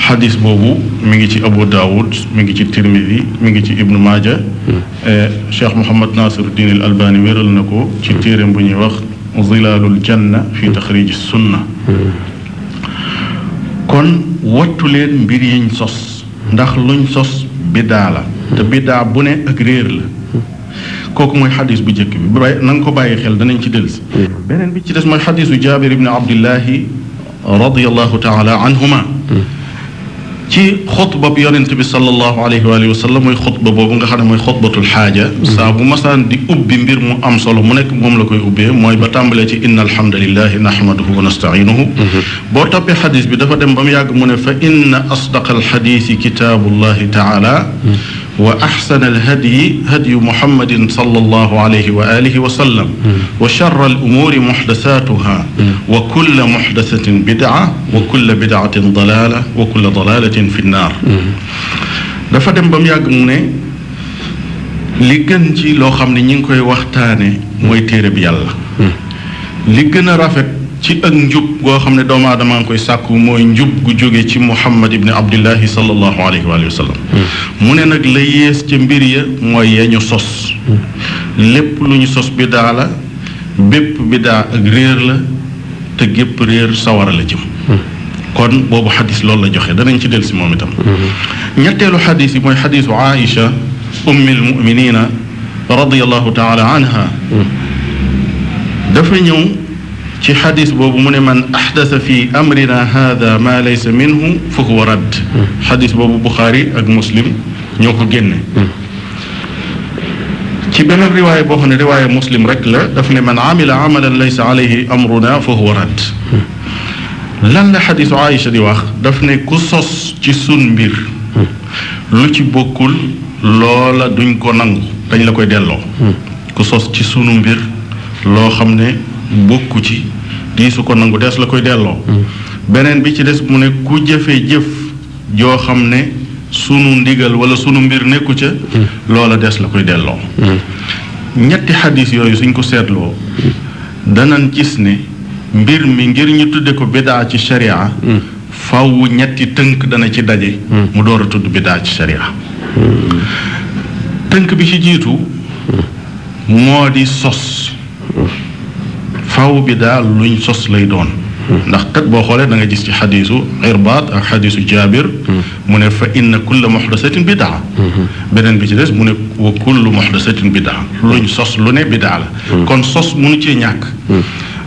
xadis boobu mu ngi ci abu daawud mi ngi ci tirmidi mi ngi ci ibnu maaja cheikh mohamad nasiruddin al albani wéral na ko ci téeréem bu ñuy wax zilaalul janna fi taxriji sunna kon wattu leen mbir yiñ sos ndax luñ sos biddaa la te daa bu ne ak la kooku mooy xadis bu njëkk bi waaye na ko bàyyi xel danañ ci dellusi beneen bi ci des mooy xadisu jaabir ibni abdillahi radiallahu taala anhuma ci xutba bi yonent bi salallahu alayhi wa alihi wa sallam mooy xutba boobu nga xam ne mooy xutbatul xaaja saa bu masaan di ubbi mbir mu am solo mu nekk moom la koy ubbee mooy ba tàmbalee ci inna alhamdulilahi nahmaduhu wa nastainuhu boo toppee xadis bi dafa dem ba mu yàgg mu ne fa inna asdaqa alxadisi kitaabullahi taala wa axsana alhadyi hadyu muhammadin sallallahu alayhi wa alihi wa sallam wa charra alumuuri muxdasatuha wa kulla muxdasatin bidaa wa kulla bidaatin dalaala wa kulla dalaalatin fi nnaar dafa dem ba mu yàgg mu ne li gën ci loo xam ne ñi ngi koy waxtaane mooy téere bi yàlla li gën a rafet ci ak njub goo xam ne doomu aadama nga koy sàkku mooy njub gu jóge ci muhammad ibni abdillahi salallahu alayhi wa sallam hmm. mu ne nag la yées ca mbir ya mooy ya ñu sos hmm. lépp lu ñu sos bidaa la bépp bidaa ak réer la te gépp réer sawara la jëm hmm. kon boobu xadis loolu la joxe danañ ci del si moom itam ñetteelu xadis yi mooy xadisu aïcha ummi lmuminina radiallahu taala anha dafa ñëw ci xadis boobu mu ne man axdasa fi amrina hada ma laysa minhu fa huwa radd xadis boobu buxaari ak muslim ñoo ko génne ci beneen riwaaya boo xam ne riwaaya muslim rek la daf ne man amil amalan laysa alayhi amruna fa huwa radd lan la xadisu Aïcha di wax daf ne ci sun mbir lu ci bokkul loola duñ ko nangu dañ la koy delloo ku sos ci sunu mbir loo xam ne bokku ci di ko nangu des la koy delloo mm. beneen bi ci des mu ne ku jëfe jëf joo xam ne sunu ndigal wala sunu mbir nekku ca mm. loola des la koy delloo mm. ñetti xadis yooyu suñ ko seetloo danañ gis ne mbir mi ngir ñi tudde ko bidaa ci sharia faww ñetti tënk dana ci daje mu door a tudd bidaa ci sharia tënk bi ci jiitu moo di sos faw bi daal luñ sos lay doon ndax kat boo xoolee da nga gis ci xadiisu irbaat ak xadiisu jaabir mu ne fa inna kulla muxdasatin bidaa beneen bi ci des mu ne wa kullu muxdasatin bidaa luñ sos lu ne bidaa la kon sos mu mënu cee ñàkk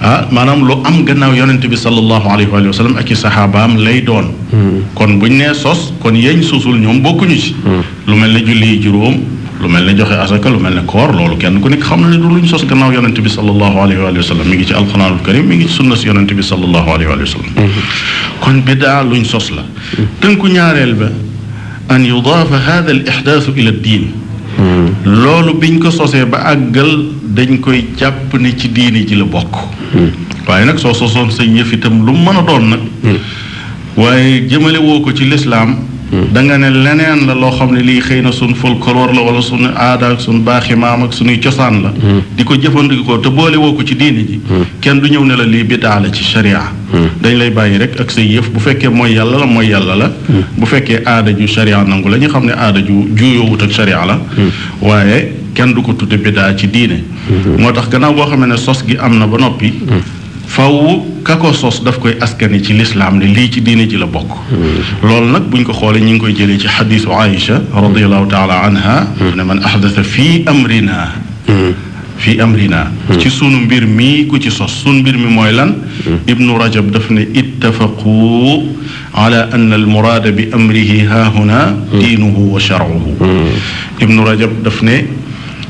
ah maanaam lu am gannaaw yonente bi sallallahu alayhi wa sallam ak i saxaabaam lay doon kon buñ ne sos kon yeñ suusul ñoom bokkuñu si lu mel ne julli juróom lu mel ne joxe asaka lu mel ne koor loolu kenn ku nekk xam na ne du luñ sos gannaaw yonente bi sallallahu alayhi wa sallam mi ngi ci alquranul karim mi ngi ci sunna bi mhm. sos la mhm. tënku ñaareel mhm. loolu biñ ko sosee ba àggal dañ koy jàpp ne ci diini ji la bokk waaye nag soo sosoon sa yëf itam lu mën a doon nag waaye jëmale woo ko ci lislaam da nga ne leneen la loo xam ne lii xëy na suñ folklore la wala suñu aada ak suñu baaxi maam ak suñuy cosaan la hmm. di ko jëfandikoo te boole woo ko ci diine ji hmm. kenn du ñëw ne la lii bidaa la ci sharia hmm. dañ lay bàyyi rek ak say yëf bu fekkee mooy yàlla la mooy yàlla la bu fekkee aada ju sharia nangu la ñu xam ne aada ju juuyoowut ak sharia la waaye kenn du ko tudde bidaa ci diine moo tax gannaaw boo xam ne sos gi am na ba noppi faw ka sos daf koy askani ci lislaam ne lii ci diine ji la bokk loolu nag buñ ko xoolee ñu ngi koy jëlee ci xadiisu Aïcha radiallahu taala anha ne man ahdasa fii amrina fii amrina ci sunu mbir mi ku ci sos sunu mbir mi mooy lan ibnu rajab daf ne ittafaqu ala an al muraada bi amrihi haahuna diinuhu wa charuhu ibnu rajab daf ne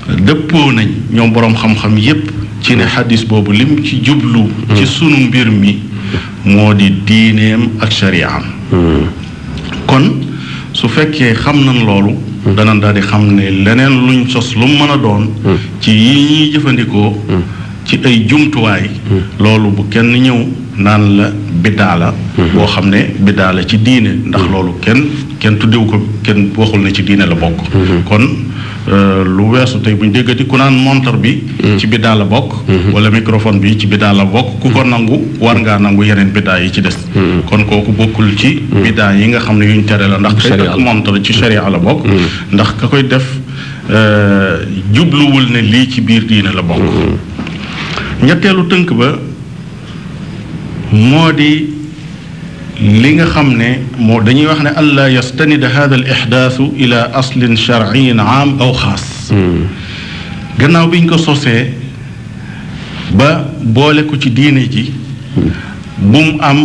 dëppoo nañ ñoom boroom xam-xam yépp ci ne xadis boobu lim ci jublu ci sunu mbir mi moo di diineem ak shari'am kon su fekkee xam nañ loolu danañ daal di xam ne leneen luñ sos lu mën a doon ci yi ñuy jëfandikoo ci ay jumtuwaay loolu bu kenn ñëw naan la biddaa la boo xam ne biddaa la ci diine ndax loolu kenn kenn tuddewu ko kenn waxul ne ci diine la bokk kon Euh, lu weesu tey bu ñu déggati ku naan montar bi. Mm. ci biddaa la bokk. Mm-hmm. wala microphone bi ci biddaa la bokk. ku ko mm-hmm. nangu war ngaa nangu yeneen biddaa yi ci des. Mm-hmm. kon kooku bokkul ci. biddaa yi nga xam ne yuñ tere la ndax. kay takk montar ci sharia la bokk. ndax ka koy def euh, jubluwul ne lii ci biir diine la bokk. ñetteelu tënk ba moo di. li nga xam ne moom dañuy wax ne allaa yastanid hada al ixdaasu ila aslin sharciyin am aw xaas hmm. gannaaw biñ ko sosee ba boole ko ci diine ji hmm. bu mu am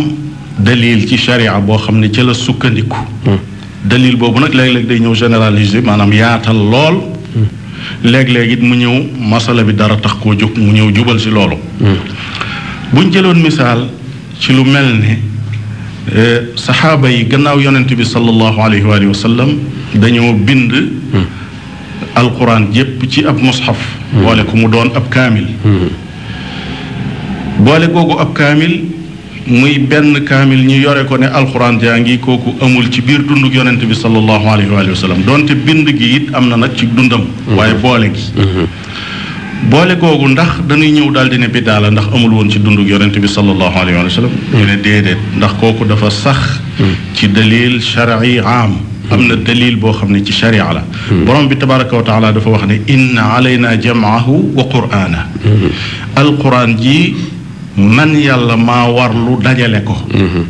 dalil ci sharia boo xam ne ca la sukkandiku hmm. dalil boobu nag léeg-léeg day ñëw généraliser maanaam yaatal lool léeg-léeg it mu ñëw masala bi dara tax koo jóg mu ñëw jubal si loolu buñ jëloon misaal ci lu mel ne Euh, saxaaba yi gannaaw yonent bi sallallahu alayhi wa alihi wa dañoo bind hmm. alquran yépp ci ab mushaf hmm. boole ko mu doon ab kaamil hmm. boole googu ab kaamil muy benn kaamil ñu yore ko ne alxuraan jaa ngi kooku amul ci biir dunduk yonent bi sallallahu alayhi wa alihi doonte bind gi it am na nag ci dundam waaye boole gi boole googu ndax dañuy ñëw daal di ne biddaa la ndax amul woon ci dunduk yonent bi sallallahu alayhi wa sallam ñu ne déedéet ndax kooku dafa sax ci dalil shar'i am am na dalil boo xam ne ci sharia la borom bi tabaraka wa taala dafa wax ne inna alayna jamaahu wa qur'aana alquran ji man yàlla maa war lu dajale ko mm-hmm.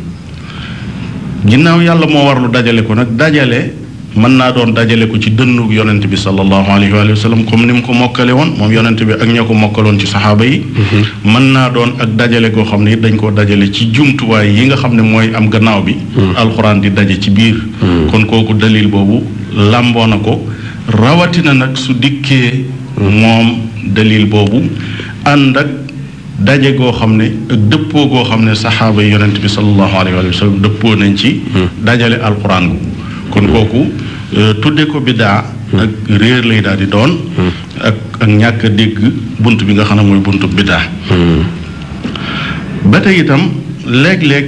ginnaaw yàlla moo war lu dajale ko nag dajale mën naa doon dajale ko ci dënnu yonent bi sallallahu alayhi wa sallam comme ni mu ko mokkale woon moom yonent bi ak ña ko mokkaloon ci saxaaba yi mhm. mën naa doon ak dajale goo xam ne dañ koo dajale ci jumtuwaay yi nga xam ne mooy am gannaaw bi mhm. alxuraan di daje ci biir mhm. kon kooku dalil boobu làmboo na ko rawatina nag su dikkee moom dalil boobu ànd ak daje goo xam ne dëppoo goo xam ne saxaaba yi yonent bi sallallahu alayhi wa sallam dëppoo nañ ci dajale alxuraan kon kooku euh, tudde ko biddaa ak réer lay daal di doon hmm. ak ak ñàkk a dégg bunt bi nga xam ne mooy buntu biddaa hmm. ba tey itam léeg-léeg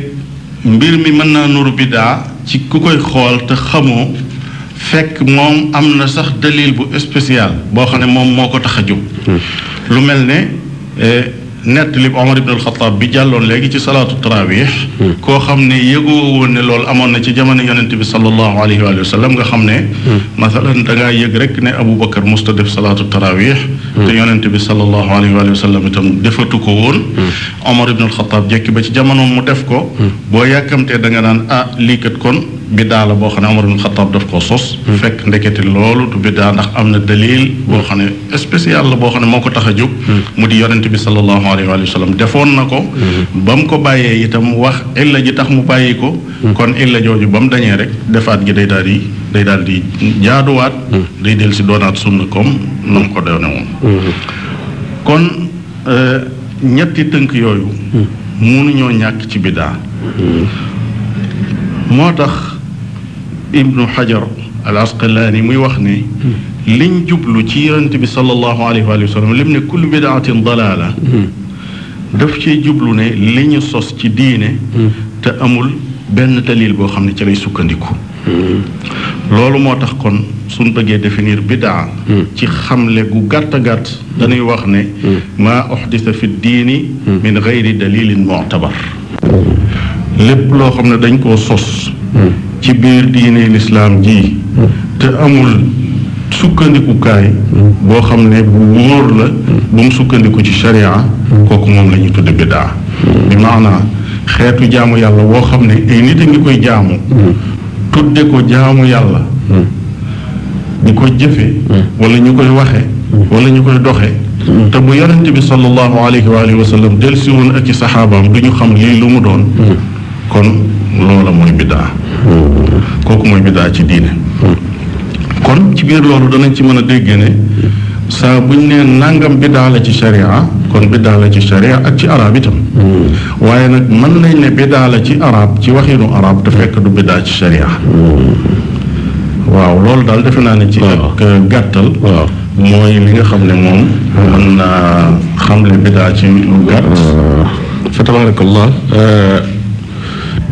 mbir mi mën naa nuru biddaa ci ku koy xool te xamoo fekk moom am na sax dalil bu spécial boo xam ne moom moo ko tax a jóg hmm. lu mel ne euh, nettali Omar ibn al-Khattab bi jàlloon léegi ci salaatu tarawih koo xam ne yëgoo woon ne loolu amoon na ci jamono yonent bi sallallahu alayhi wa sallam nga xam ne masalan da ngaa yëg rek ne Abu Bakar musta def salaatu tarawih te yonent bi sallallahu alayhi wa sallam itam defatu ko woon Omar ibn al-Khattab jekki ba ci jamono mu def ko boo yàkkamtee da nga naan ah lii kat kon biddaa la boo xam ne Omar ibn Xattaab daf koo sos. Hmm. fekk ndekete loolu du biddaa ndax am na dalil boo hmm. xam ne spécial la boo xam ne moo ko tax a jóg. Hmm. mu di yonent bi sallallahu alayhi wa sallam defoon na ko. ba mu ko bàyyee itam wax illa ji tax mu bàyyi ko. kon illa jooju ba mu dañee rek defaat gi day daal di day daal di jaaduwaat. day del si doonaat sunna comme na mu ko doone moom. kon euh, ñetti tënk yooyu. mënuñoo ñàkk ci biddaa. moo tax. ibnu xajar al asqalaani muy wax ni liñ jublu ci yonent bi sallallahu alayhi wa sallam lim ne kullu bidaatin dalaala daf cee jublu ne li ñu sos ci diine te amul benn dalil boo xam ne ci lay sukkandiku loolu moo tax kon suñ bëggee définir bidaa ci xamle gu gàtt a gàtt dañuy wax ne maa uxdisa fi diini min gayri dalilin muctabar lépp loo xam ne dañ koo sos ci biir diine lislaam ji te amul sukkandikukaay boo xam ne bu wóor la bu mu sukkandiku ci sharia kooku moom la ñuy tudde biddaa bi maanaa xeetu jaamu yàlla boo xam ne ay nit a ngi koy jaamu tudde ko jaamu yàlla di ko jëfe wala ñu koy waxe wala ñu koy doxe te bu yonente bi sallallahu alayhi wa alihi wa sallam delsi woon ak i saxaabaam du ñu xam lii lu mu doon kon loola mooy biddaa kooku mooy biddaa ci diine kon ci biir loolu danañ ci mën a déggee ne saa buñ nee nangam biddaa la ci sharia kon biddaa la ci sharia ak ci arab itam waaye nag mën nañ ne biddaa la ci arab ci waxinu arab te fekk du biddaa ci sharia waaw loolu daal defe naa ne ci ak euh, gàttal mooy li nga xam ne moom mën naa xamle biddaa ci lu gàtt fa tabarakallah euh,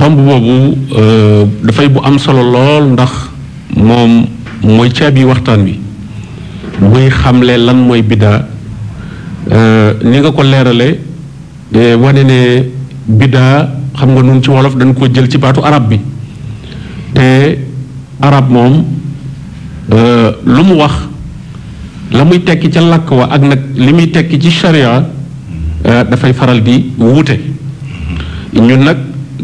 tomb boobu euh, dafay bu am solo lool ndax moom mooy ceeb yi waxtaan wi muy xamle lan mooy biddaa euh, ni nga ko leerale euh, wane ne biddaa xam nga nun ci wolof dañ ko jël ci baatu arab bi te arab moom lu mu wax la muy tekki ca làkk wa ak nag li muy tekki ci sharia dafay faral di wuute ñun nag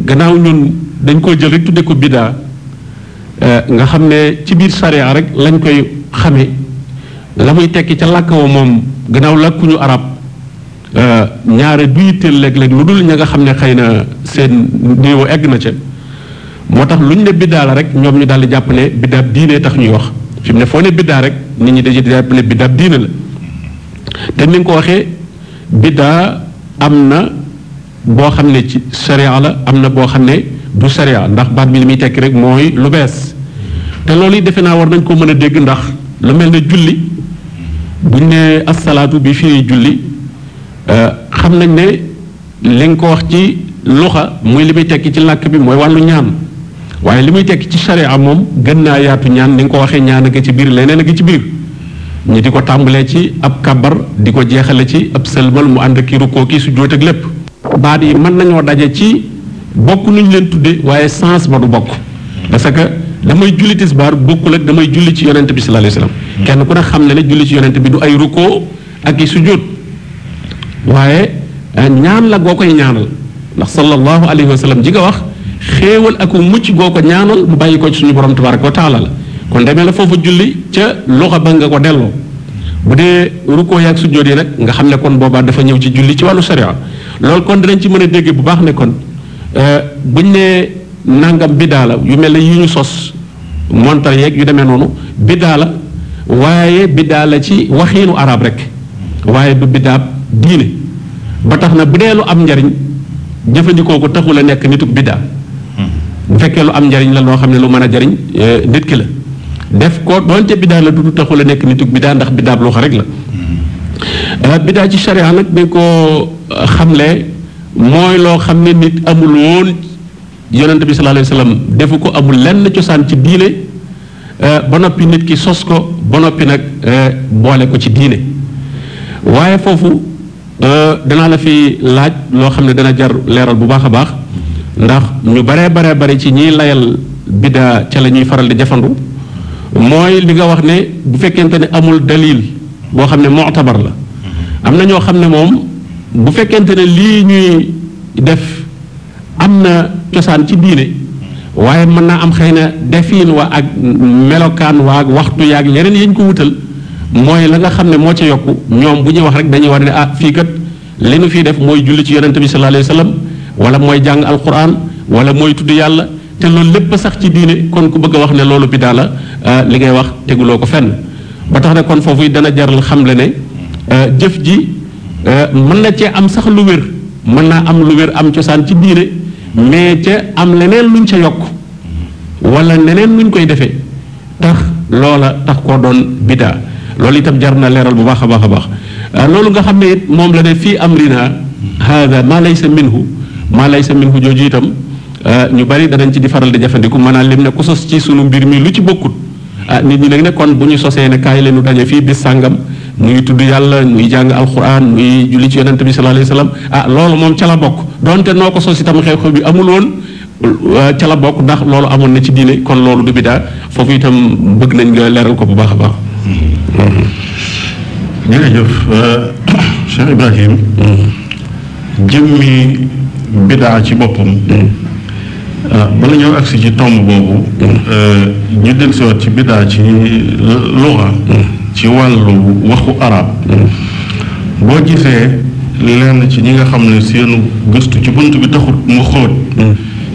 gannaaw ñun dañ ko jël rek tudde ko biddaa eh, nga xam ne ci biir sariya rek lañ koy xame la muy tekki ca làkk wa moom gannaaw làkkuñu arab eh, ñaare du yitteel léeg-léeg lu dul ña nga xam ne xëy na seen niveau egg na ca moo tax lu ñu ne biddaa la rek ñoom ñu daal di jàpp ne biddaa diine tax ñuy wax fi mu ne foo ne biddaa rek nit ñi dañuy jàpp ne biddaa diine la te ni nga ko waxee biddaa am na boo xam ne ci sharia la am na boo xam ne du sharia ndax baat bi li muy tekki rek mooy lu bees te loolu yi defe naa war nañ koo mën a dégg ndax lu mel ne julli buñ ne asalaatu bi fii julli euh, xam nañ ne li nga ko wax ci luxa muy li muy tekki ci làkk bi mooy wàllu ñaan waaye li muy tekki ci sharia moom gën naa yaatu ñaan ni nga ko waxee ñaan ak ci biir leneen ak ci biir ñu di ko tàmbalee ci ab kabar di ko jeexale ci ab sëlmal mu ànd ak ki rukkoo ki su lépp baat yi mën nañoo daje ci bokk nuñ leen tudde waaye sens ba du bokk parce que damay julli tisbaar bokkul ak damay julli ci yonent bi sallallahu alayhi wasallam kenn ku ne xam ne ne julli ci du ay rukkoo ak i sujjóot waaye euh, ñaan la goo koy ñaanal ndax sallallahu alayhi wa sallam ji nga wax xéewal ak mucc goo ko ñaanal mu bàyyi ko suñu borom tabaraka wa taala la kon demee la foofa julli ca loxo ba nga ko delloo bu dee rukkoo yaak sujjóot yi nag nga xam ne kon boobaa dafa ñëw ci julli ci wàllu sharia loolu kon dinañ ci mën a dégg bu baax ne kon euh, buñ nee nangam biddaa la yu mel ne ñu sos montar yeeg yu demee noonu biddaa la waaye biddaa la ci waxiinu arab rek waaye du biddaab diine ba tax na bu dee lu am njariñ jëfandikoo ko taxul a nekk nitug biddaa hmm. bu fekkee lu am njariñ la loo xam ne lu mën a jariñ euh, nit ki la def ko doonte biddaa la du taxul a nekk nitug biddaa ndax biddaab loo xam rek la hmm. euh, biddaa ci sharia nag dañ ko xam xamle mooy loo xam ne nit amul woon yonent bi sallallahu alayhi wasallam defu ko amul lenn cosaan ci diine euh, ba noppi nit ki sos ko ba noppi nag euh, boole ko ci diine waaye foofu euh, danaa la fi laaj loo xam ne dana jar leeral bu baax a baax ndax ñu baree baree bari ci ñiy layal biddaa ca la ñuy faral di jafandu mooy li nga wax ne bu fekkente ne amul dalil boo xam ne mu'tabar la am na ñoo xam ne moom bu fekkente ne lii ñuy def am na cosaan ci diine waaye mën naa am xëy na defiin wa ak melokaan waa ak waxtu yaag yeneen yañ ko wutal mooy la nga xam ne moo ci yokk ñoom bu ñuy wax rek dañuy war ne ah fii kat li nu fii def mooy julli ci yonente bi sallallahu alayhi wa sallam wala mooy jàng alquran wala mooy tudd yàlla te loolu lépp sax ci diine kon ku bëgg a wax ne loolu bi daala ah, li ngay wax teguloo ko fenn ba tax na kon foofu it dana jaral xamle ne ah, jëf ji Euh, mën na cee am sax lu wér mën naa am lu wér am cosaan ci diine mais ca am leneen luñ ca yokk wala neneen luñ koy defee tax loola tax koo doon bidaa loolu itam jar na leeral bu baax a baax baax euh, loolu nga xam ne it moom la ne fii amrina hada maa laysa minhu maa laysa minhu jooju itam euh, ñu bari danañ ci di faral di jafandiku maanaam lim ne ku sos ci sunu mbir mi lu ci bokkut ah nit ñi nag ne kon bu ñu sosee ne kaay leen leenu daje fii bis sàngam muy tudd yàlla muy jàng alquran muy julli ci yonente bi sallallahu alayhi wasallam ah loolu moom ca la bokk donte noo ko sos itam xew-xew bi amul woon ca la bokk ndax loolu amoon na ci diine kon loolu du bidaa foofu itam bëgg nañ nga leeral ko bu baax a baax. Hmm. jërëjëf euh, Cheikh Ibrahim hmm. jëmmi bidaa ci boppam. Hmm. Ah, bala ñëw agsi ci tomb boobu. Euh, ñu dellusiwaat ci bidaa ci luxa ci wàllu waxu araab boo gisee lenn ci ñi nga xam ne seenu gëstu ci bunt bi taxut mu xóot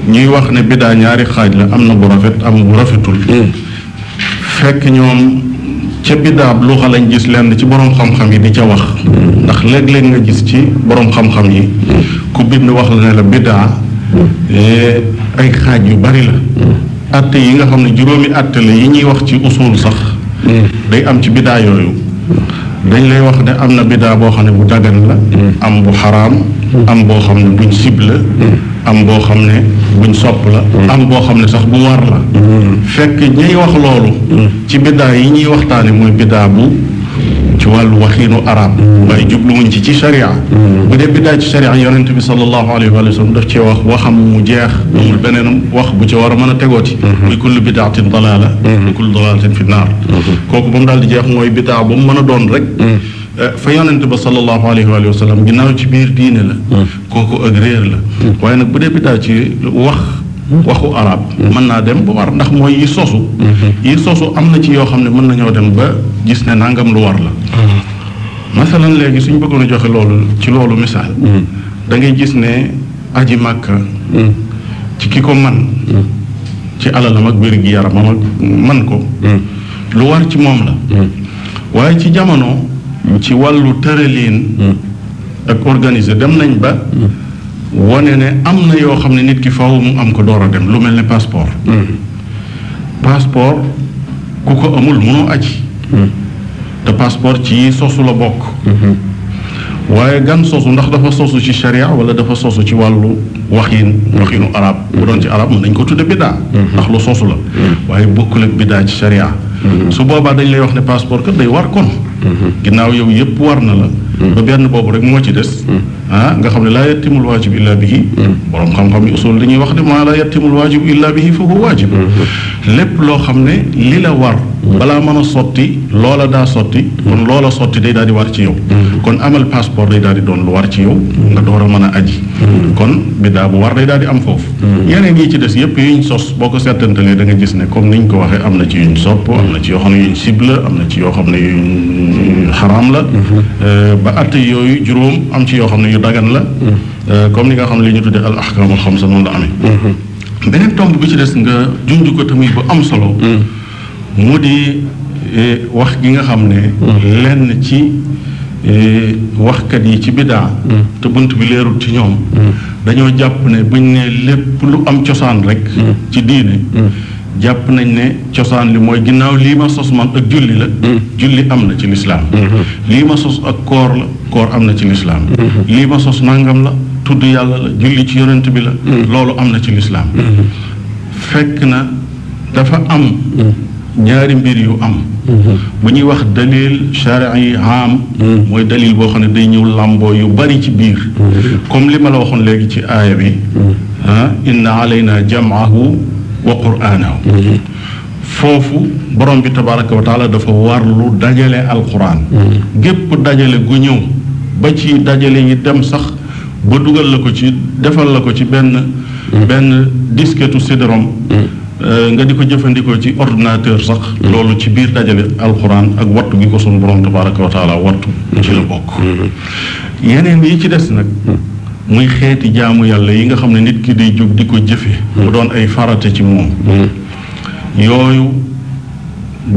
ñuy wax ne biddaa ñaari xaaj la am na bu rafet am bu rafetul fekk ñoom ca biddaab luxa lañ gis lenn ci boroom xam-xam yi di ca wax ndax léeg-léeg nga gis ci boroom xam-xam yi ku bind wax la ne la biddaa eh, ay xaaj yu bari la atte yi nga xam ne juróomi àtt la yi ñuy wax ci usul sax day am ci bidaa yooyu dañ lay wax ne am na biddaa boo xam ne bu dagan la am bu xaraam am boo xam ne buñ sib la am boo xam ne buñ sopp la am boo xam ne sax bu war la fekk ñiy wax loolu ci bidaa yi ñuy waxtaane mooy bidaa bu wàllu waxiinu arab mm. waaye jubluwuñ ci ci sharia mm. bu dee biddaa ci sharia yonent bi sallallahu alayhi wa sallam wax waxam mu jeex mm. amul beneen wax bu ci war a mën a tegooti mm-hmm. muy kullu bidaatin dalaala wa mm-hmm. kullu dalaalatin fi naar mm-hmm. kooku ba mu daal di jeex mooy bidaa ba mu mën a doon rek eh, fa yonent ba sallallahu alayhi wa sallam ginnaaw ci biir diine la kooku ak réer la waaye nag bu dee biddaa ci wax waxu arab mën naa dem ba war ndax mooy yi sosu mhm. yi sosu am na ci yoo xam ne mën nañoo dem ba gis ne nàngam lu war la mhm. masalan léegi suñ bëggoon a joxe loolu ci loolu misaal mhm. dangay gis ne aji màkka ci ki ko man ci alalam ak wér gi yaramam ak man ko lu war ci moom la waaye ci jamono ci wàllu tëraliin ak organiser dem nañ ba wane ne am na yoo xam ne nit ki faaw mu am ko door a dem lu mel ne passeport. Hmm. passeport ku ko amul mënoo aji. Hmm. te passeport ci yi sosu la bokk. Hmm. waaye gan sosu ndax dafa sosu ci sharia wala dafa sosu ci wàllu waxin waxinu arab bu doon ci arab mën nañ ko tudde biddaa ndax lu sosu la waaye bokkul ak biddaa ci sharia su boobaa dañ lay wax ne passeport kat day war kon ginnaaw yow yëpp war na la ba benn boobu rek moo ci des ah nga xam ne laa yettimul waajib bi bihi hmm. borom xam-xam yi usul ñuy wax ne maa laa yettimul waajib illa bihi fa huwa waajib hmm. lépp loo xam ne li la war hmm. balaa mën a sotti loola daa sotti kon loola sotti day daal di war ci yow kon amal passeport day daal di doon lu war ci yow nga door a mën a aji kon biddaa bu war day daal di am foofu yeneen yi ci des yëpp yuñ sos boo ko seetantalee da nga gis ne comme niñ ko waxee am na ci yuñ sopp am na ci yoo xam ne yuñ cible am na ci yoo xam ne yuñ xaraam la eh, ba at yooyu juróom am ci yoo xam ne dagan la euh, comme ni nga xam ne li ñu tuddee al ahkaamul xamsa noonu la amee mm-hmm. beneen tomb bi ci des nga junj ko tamit bu am solo mm-hmm. mu di euh, wax gi nga xam ne mm-hmm. lenn ci euh, waxkat yi ci biddaa te bunt bi leerul ci ñoom dañoo jàpp ne buñ ne lépp lu am cosaan rek ci diine jàpp nañ ne cosaan li mooy ginnaaw lii ma sos man ak julli la mm-hmm. julli am na ci lislaam mm-hmm. lii ma sos ak koor la koor am na ci lislaam mm-hmm. lii ma sos nangam la tudd yàlla la julli ci yonent bi la loolu am na ci lislaam fekk na dafa am ñaari mbir yu am bu ñuy wax dalil shari am mooy dalil boo xam ne day ñëw làmboo yu bari ci biir comme li ma la waxoon léegi ci aaya bi ah inna alayna jamaahu wa quraanahu foofu borom bi tabaraka wa taala dafa warlu dajale alquran gépp dajale gu ñëw ba ci dajale yi dem sax ba dugal la ko ci defal la ko ci benn benn disketu sidrom euh, nga di ko jëfandikoo ci ordinateur sax loolu ci biir dajale alquran ak wattu gi ko sunu borom tabaraka wa taala wattu ci la bokk yeneen yi ci des nag muy xeeti jaamu yàlla yi nga xam ne nit ki day jóg di ko jëfe mu doon ay farata ci moom hmm. yooyu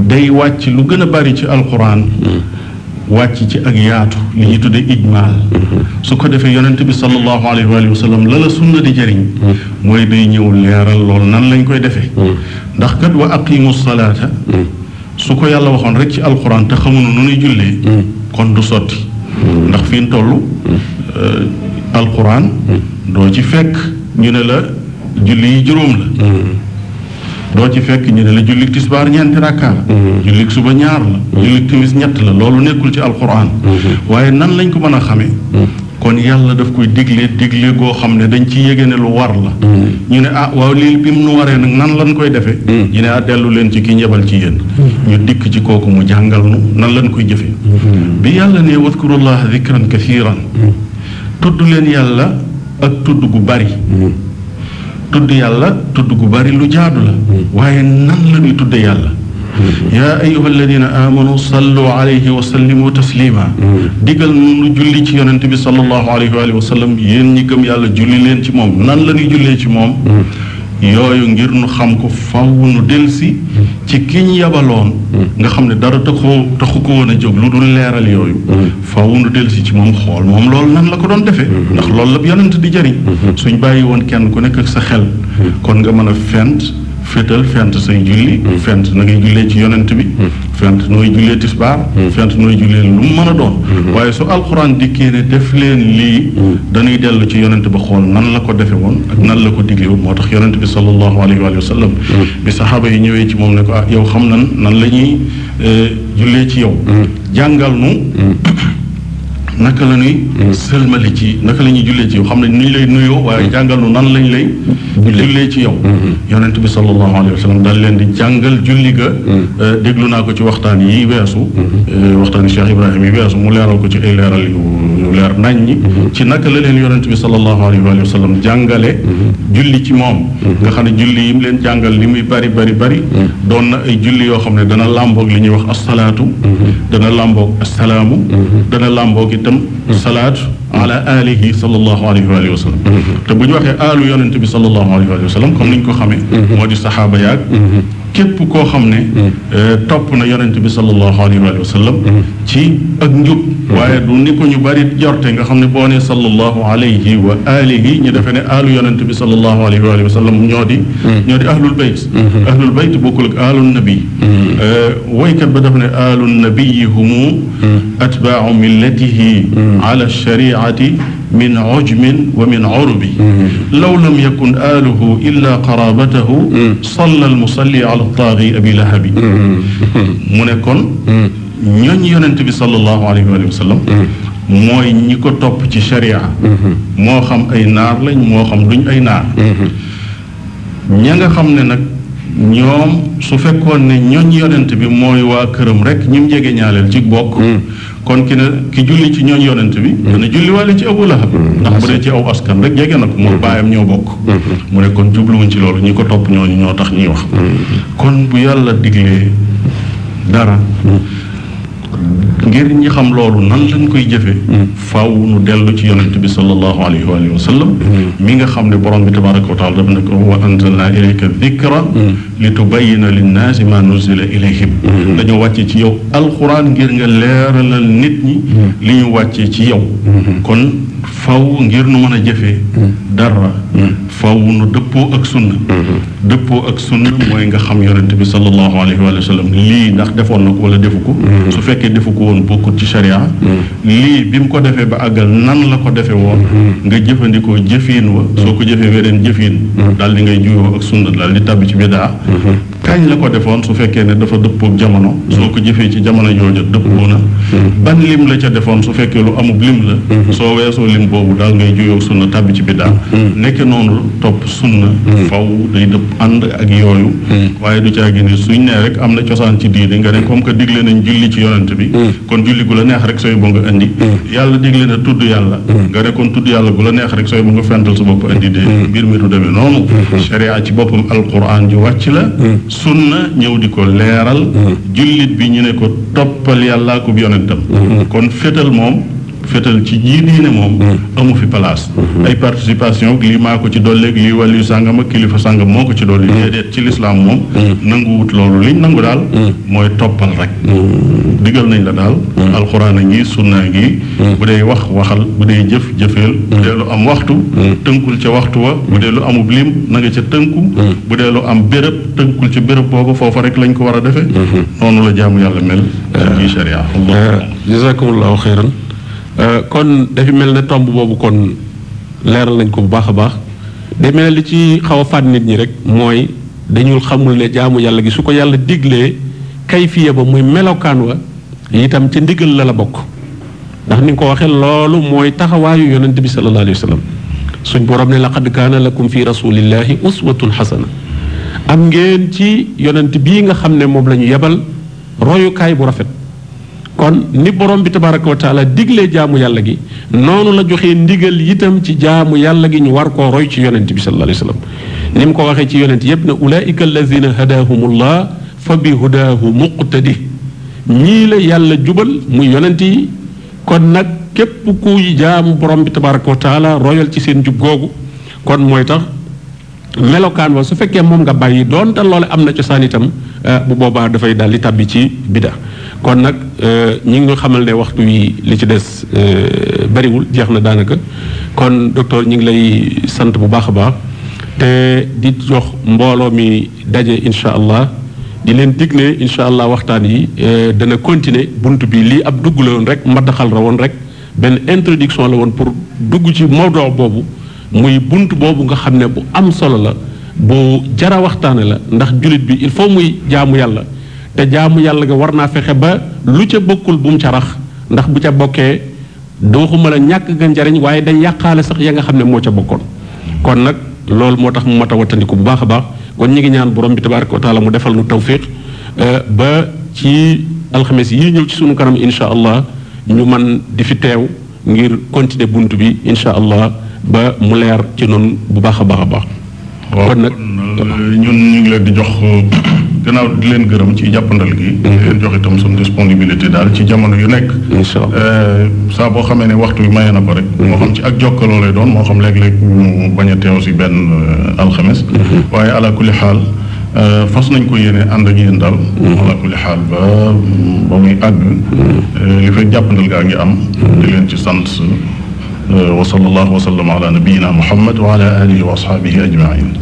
day wàcc lu gën a bari ci alquran hmm. wàcc ci ak yaatu li ñuy tudde ijmaal hmm. su ko defee yonent bi sallallahu alayhi wa la la sunna di jëriñ mooy day ñëwul leeral loolu nan lañ koy defee ndax kat wa aqimu salaata su ko yàlla waxoon rek ci alquran te xamuñu nu nuy jullee kon du sotti ndax fi ñu toll euh, alquran doo ci fekk ñu ne la julli yi juróom la doo ci fekk ñu ne la jullik tisbaar ñeenti rakkaa la jullik suba ñaar la jullik timis ñett la loolu nekkul ci alquran waaye nan lañ ko mën a xamee kon yàlla daf koy digle digle goo xam ne dañ ci yége ne lu war la ñu ne ah waaw lii bi mu nu waree nag nan lañ koy defe ñu ne ah leen ci ki njebal ci yéen ñu dikk ci kooku mu jàngal nu nan lañ koy jëfee bi yàlla ne wadkurullaha dikran kathiran tudd leen yàlla ak tudd gu bari hmm. tudd yàlla tudd gu bari lu jaadu la hmm. waaye nan la ñuy tudde yàlla hmm. yaa ayuha alladina amanu sallu alayhi wa sallimu taslima digal nu julli ci yonent bi salallahu alayhi wa sallam yéen ñi gëm yàlla julli leen ci moom nan la ñuy jullee ci moom yooyu ngir nu xam ko faw nu delsi ci ki ñu yabaloon nga xam ne dara taxoo taxu ko woon a jóg lu dul leeral yooyu faw nu delsi ci moom xool moom loolu nan la ko doon defee ndax loolu la yonent di jëriñ suñ bàyyi woon kenn ku nekk ak sa xel kon nga mën a fent féetal fent say julli hmm. fent na ngay jullee ci yonent bi hmm. fent nooy jullee tisbaar hmm. fent nooy jullee lu mën a doon waaye su alxuraan dikkee ne def leen lii dañuy dellu ci yonent ba xool nan la ko defe woon ak nan la ko digle woon moo tax yonent bi sallallahu alayhi wa sallam bi saxaaba yi ñëwee ci moom ne ko ah yow xam nan nan la ñuy eh, jullee ci yow jàngal nu naka la ñuy mm. sëlmali ci naka la ñuy jullee ci yow xam nañ ni ñu lay nuyoo waaye mm. jàngal nu nan lañ lay jullee ci yow mm-hmm. yonent bi sallallahu alayhi wa leen di jàngal julli ga mm. euh, naa ko ci waxtaan yi weesu mm-hmm. euh, waxtaan Cheikh Ibrahima yi weesu mu leeral ko ci ay leeral yu leer nañ ñi mm-hmm. ci naka la leen yonent bi sallallahu alayhi wa sallam jàngale julli ci moom nga xam ne julli yi mu leen jàngal li muy bari bari bari doon na ay julli yoo xam ne dana làmboog li ñuy wax asalaatu dana làmboog asalaamu dana làmboog itam salaat ala alihi sallallahu alayhi wa sallam mm-hmm. te bu ñu waxee alu yonente bi sallallahu alayhi wa sallam comme ni ñu ko xamee mm-hmm. moo di saxaaba yaag mm-hmm. képp koo xam ne mm. euh, topp na yonent bi sallallahu alayhi wa sallam mm. ci ak njub mm. waaye du ni ko ñu bari jorte nga xam ne boo ne sallallahu alayhi wa alihi ñu defee ne aalu yonent bi sallallahu alayhi wa sallam ñoo di ñoo di ahlul bayt mm-hmm. ahlul bayt bokkul ak aalun nabi mm-hmm. euh, woykat ba def ne aalun nabiyi humu atbaau millatihi ala shariati min ujmin wa min urbi mm-hmm. law lam yakun aaluhu illa qarabatahu mm. salla almusalli ala taagi abi lahabi mm-hmm. mu ne kon mm-hmm. ñooñ yonent bi sallallahu alayhi wa sallam mooy ñi ko topp ci sharia moo xam ay naar lañ moo xam duñ ay naar ña nga xam ne nag ñoom su fekkoon ne ñooñ yonent bi mooy waa këram rek ñi mu jege ñaaleel ci bokk mm. kon ki ne ki julli ci ñooñ yonent bi mm-hmm. dana julliwaale ci Abu Lahab mm-hmm. ndax bu dee ci aw askan rek jege nag ko moom mm-hmm. baayam ñoo bokk mu ne kon jubluwuñ ci loolu ñi ko topp ñooñu ñoo tax ñuy wax kon bu yàlla diglee dara ngir ñi xam loolu nan lañ koy jëfee hmm. faw nu dellu ci yonent bi sallallahu alayhi wa alihi wa sallam hmm. mi nga xam ne borom bi tabaraka wa taala daf ne ko wa anzalna ilayka dikra hmm. li tubayina linnaasi ma nuzila ilayhim dañoo wàccee ci yow alquran ngir nga leeralal nit ñi li ñu wàccee ci yow kon faw ngir nu mën a jëfee dara faw nu dëppoo ak sunna mm-hmm. dëppoo ak sunna mooy nga xam yonent bi sallallahu alayhi wa sallam lii ndax defoon na ko wala defu ko mm-hmm. su fekkee defu ko woon bokkut ci sharia mm-hmm. lii bi mu ko defee ba àggal nan la ko defee woon nga jëfandikoo jëfiin wa soo ko jëfee weneen jëfiin daal di ngay juyoo ak sunna daal di tàbbi ci bidaa kañ la ko defoon su fekkee ne dafa dëppoog jamono soo ko jëfee ci jamono jooja dëppoo na ban lim la ca defoon su fekkee lu amub lim la soo weesoo lim boobu daal ngay juyoo sunna tàbbi ci bidaa nekk noonu topp sunna hmm. faw day dëpp ànd ak yooyu hmm. waaye du caagi ne suñ nee rek am na cosaan ci diine nga ne hmm. comme que digle nañ julli ci yonent bi kon julli gu la neex rek sooy bo nga indi yàlla digle na tudd yàlla nga ne kon tudd yàlla gu la neex rek sooy bo nga fental sa bopp indi de mbir mi du demee noonu sharia ci boppam alquran ju wàcc la sunna ñëw di ko leeral jullit bi ñu ne ko toppal yàllaa ko yonentam kon fétal moom fetal ci jii diine moom mm-hmm. amu fi place mm-hmm. ay participation lii maa ko ci dolleeg lii wàllu sàngam ak kilifa sàngam moo ko ci dolli mm-hmm. déedéet ci lislaam moom nanguwut loolu liñ nangu daal mooy toppal rek digal nañ la daal alxuraan a ngi sunna ngi bu dee wax waxal bu dee jëf jëfeel bu dee lu am waxtu tënkul ca waxtu wa bu dee lu amub lim na ca tënku bu dee lu am béréb tënkul ca béréb boobu foofa rek lañ ko war a defe noonu la jaamu yàlla mel euh, ci Euh, kon dafa mel ne tomb boobu kon leeral nañ ko bu baax a baax day mel li ci xaw a faat nit ñi rek mooy dañul xamul ne jaamu yàlla gi su ko yàlla diglee kayfiya ba muy melokaan wa itam ca ndigal la la bokk ndax ni nga ko waxee loolu mooy taxawaayu yonente bi sallallahu alayhi wa sallam suñ borom ne laqad kaana lakum fi rasulillahi uswatun xasana am ngeen ci yonent bii nga xam ne moom lañu yebal royukaay bu rafet kon ni borom bi tabaraka wa taala diglee jaamu yàlla gi noonu la joxe ndigal yitam ci jaamu yàlla gi ñu war koo roy ci yonent bi sallallahu alayhi wa sallam ni mu ko waxee ci yonent yépp ne ulaika allazina hadahumullah fa bi hudaahu muqtadi ñii la yàlla jubal mu yonent yi kon nag képp kuy jaamu borom bi tabaraka wa royal ci seen jub googu kon mooy tax melokaan wa su fekkee moom nga bàyyi doonte loole am na cosaan itam eh, bu boobaa dafay daldi tàbbi ci bida kon nag euh, ñi nga xamal ne waxtu yi li ci des euh, bariwul jeex na daanaka kon docteur ñi ngi lay sant bu baax a baax te di jox mbooloo mi daje incha allah di leen dig ne incha allah waxtaan yi euh, dana continuer bunt bi lii ab dugg la woon rek madaxal ra woon rek benn introduction la woon pour dugg ci mawdoo boobu muy bunt boobu nga xam ne bu am solo la bu jara waxtaane la ndax jullit bi il faut muy jaamu yàlla te jaamu yàlla ga war naa fexe ba lu ca bokkul bu mu ca ndax bu ca bokkee dooxuma la ñàkk nga njariñ waaye day yàqaale sax ya nga xam ne moo ca bokkoon kon nag loolu moo tax mu mat a wattandiku bu baax a baax kon ñu ngi ñaan borom bi tabaraka wa taala mu defal nu tawfiq euh, ba ci alxames yi ñëw ci sunu kanam incha allah ñu man di fi teew ngir continuer bunt bi incha allah ba mu leer ci noonu bu baax a baax baax nag euh, ñun ñu leen di jox gannaaw di leen gërëm ci jàppandal gi. di mhm. leen jox itam suñu disponibilité daal ci jamono yu nekk. incha allah euh, saa boo xamee ne waxtu bi maye na ko rek. Mhm. moo xam ci ak jokkaloo lay doon moo xam léeg-léeg ñu bañ a teew si benn euh, alxames. Mhm. waaye ala kulli xaal euh, fas nañ ko yéene ànd ak yéen daal. ala kulli xaal ba ba muy àgg. li fekk jàppandal gaa ngi am. di leen ci sant. wa sallallahu wa sallam ala nabiyina muhammad wa ala alihi wa ashabihi ajmain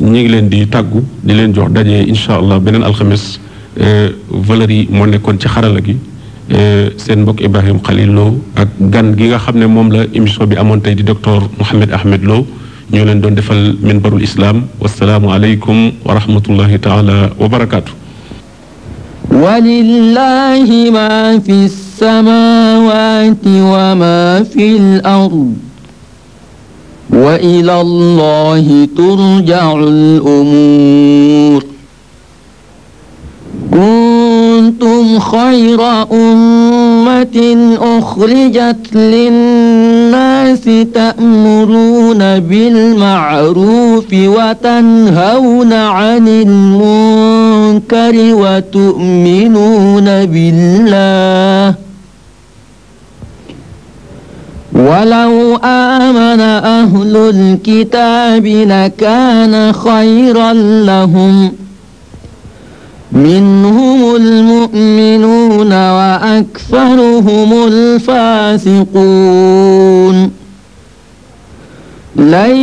ñu ngi di tàggu di leen jox daje incha allah beneen alxames euh, valeur yi moo nekkoon ci xarala gi euh, seen mbokk Ibrahim Khalil Lo ak gan gi nga xam ne moom la émission bi amoon tey di docteur Mouhamed Ahmed Lo ñoo leen doon defal minbarul islam wasalaamu aleykum wa rahmatullahi taala wa barakaatu. walillahi ma fi samawati wa ma fi ard وإلى الله ترجع الأمور كنتم خير أمة أخرجت للناس تأمرون بالمعروف وتنهون عن المنكر وتؤمنون بالله ولو آمن أهل الكتاب لكان خيرا لهم منهم المؤمنون وأكثرهم الفاسقون لن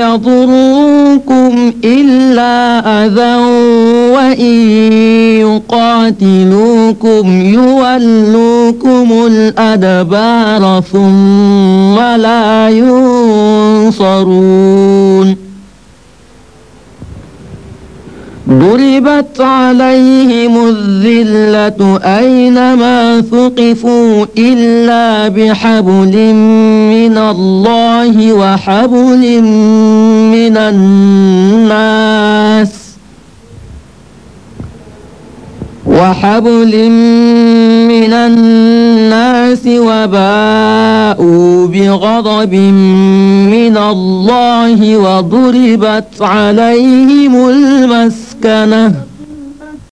يضروكم إلا أذى وإن يقاتلوكم يولوكم الأدبار ثم لا ينصرون ضربت عليهم الذلة أينما ثقفوا إلا بحبل من الله وحبل من الناس وحبل من الناس وباءوا بغضب من الله وضربت عليهم المسكنة kaana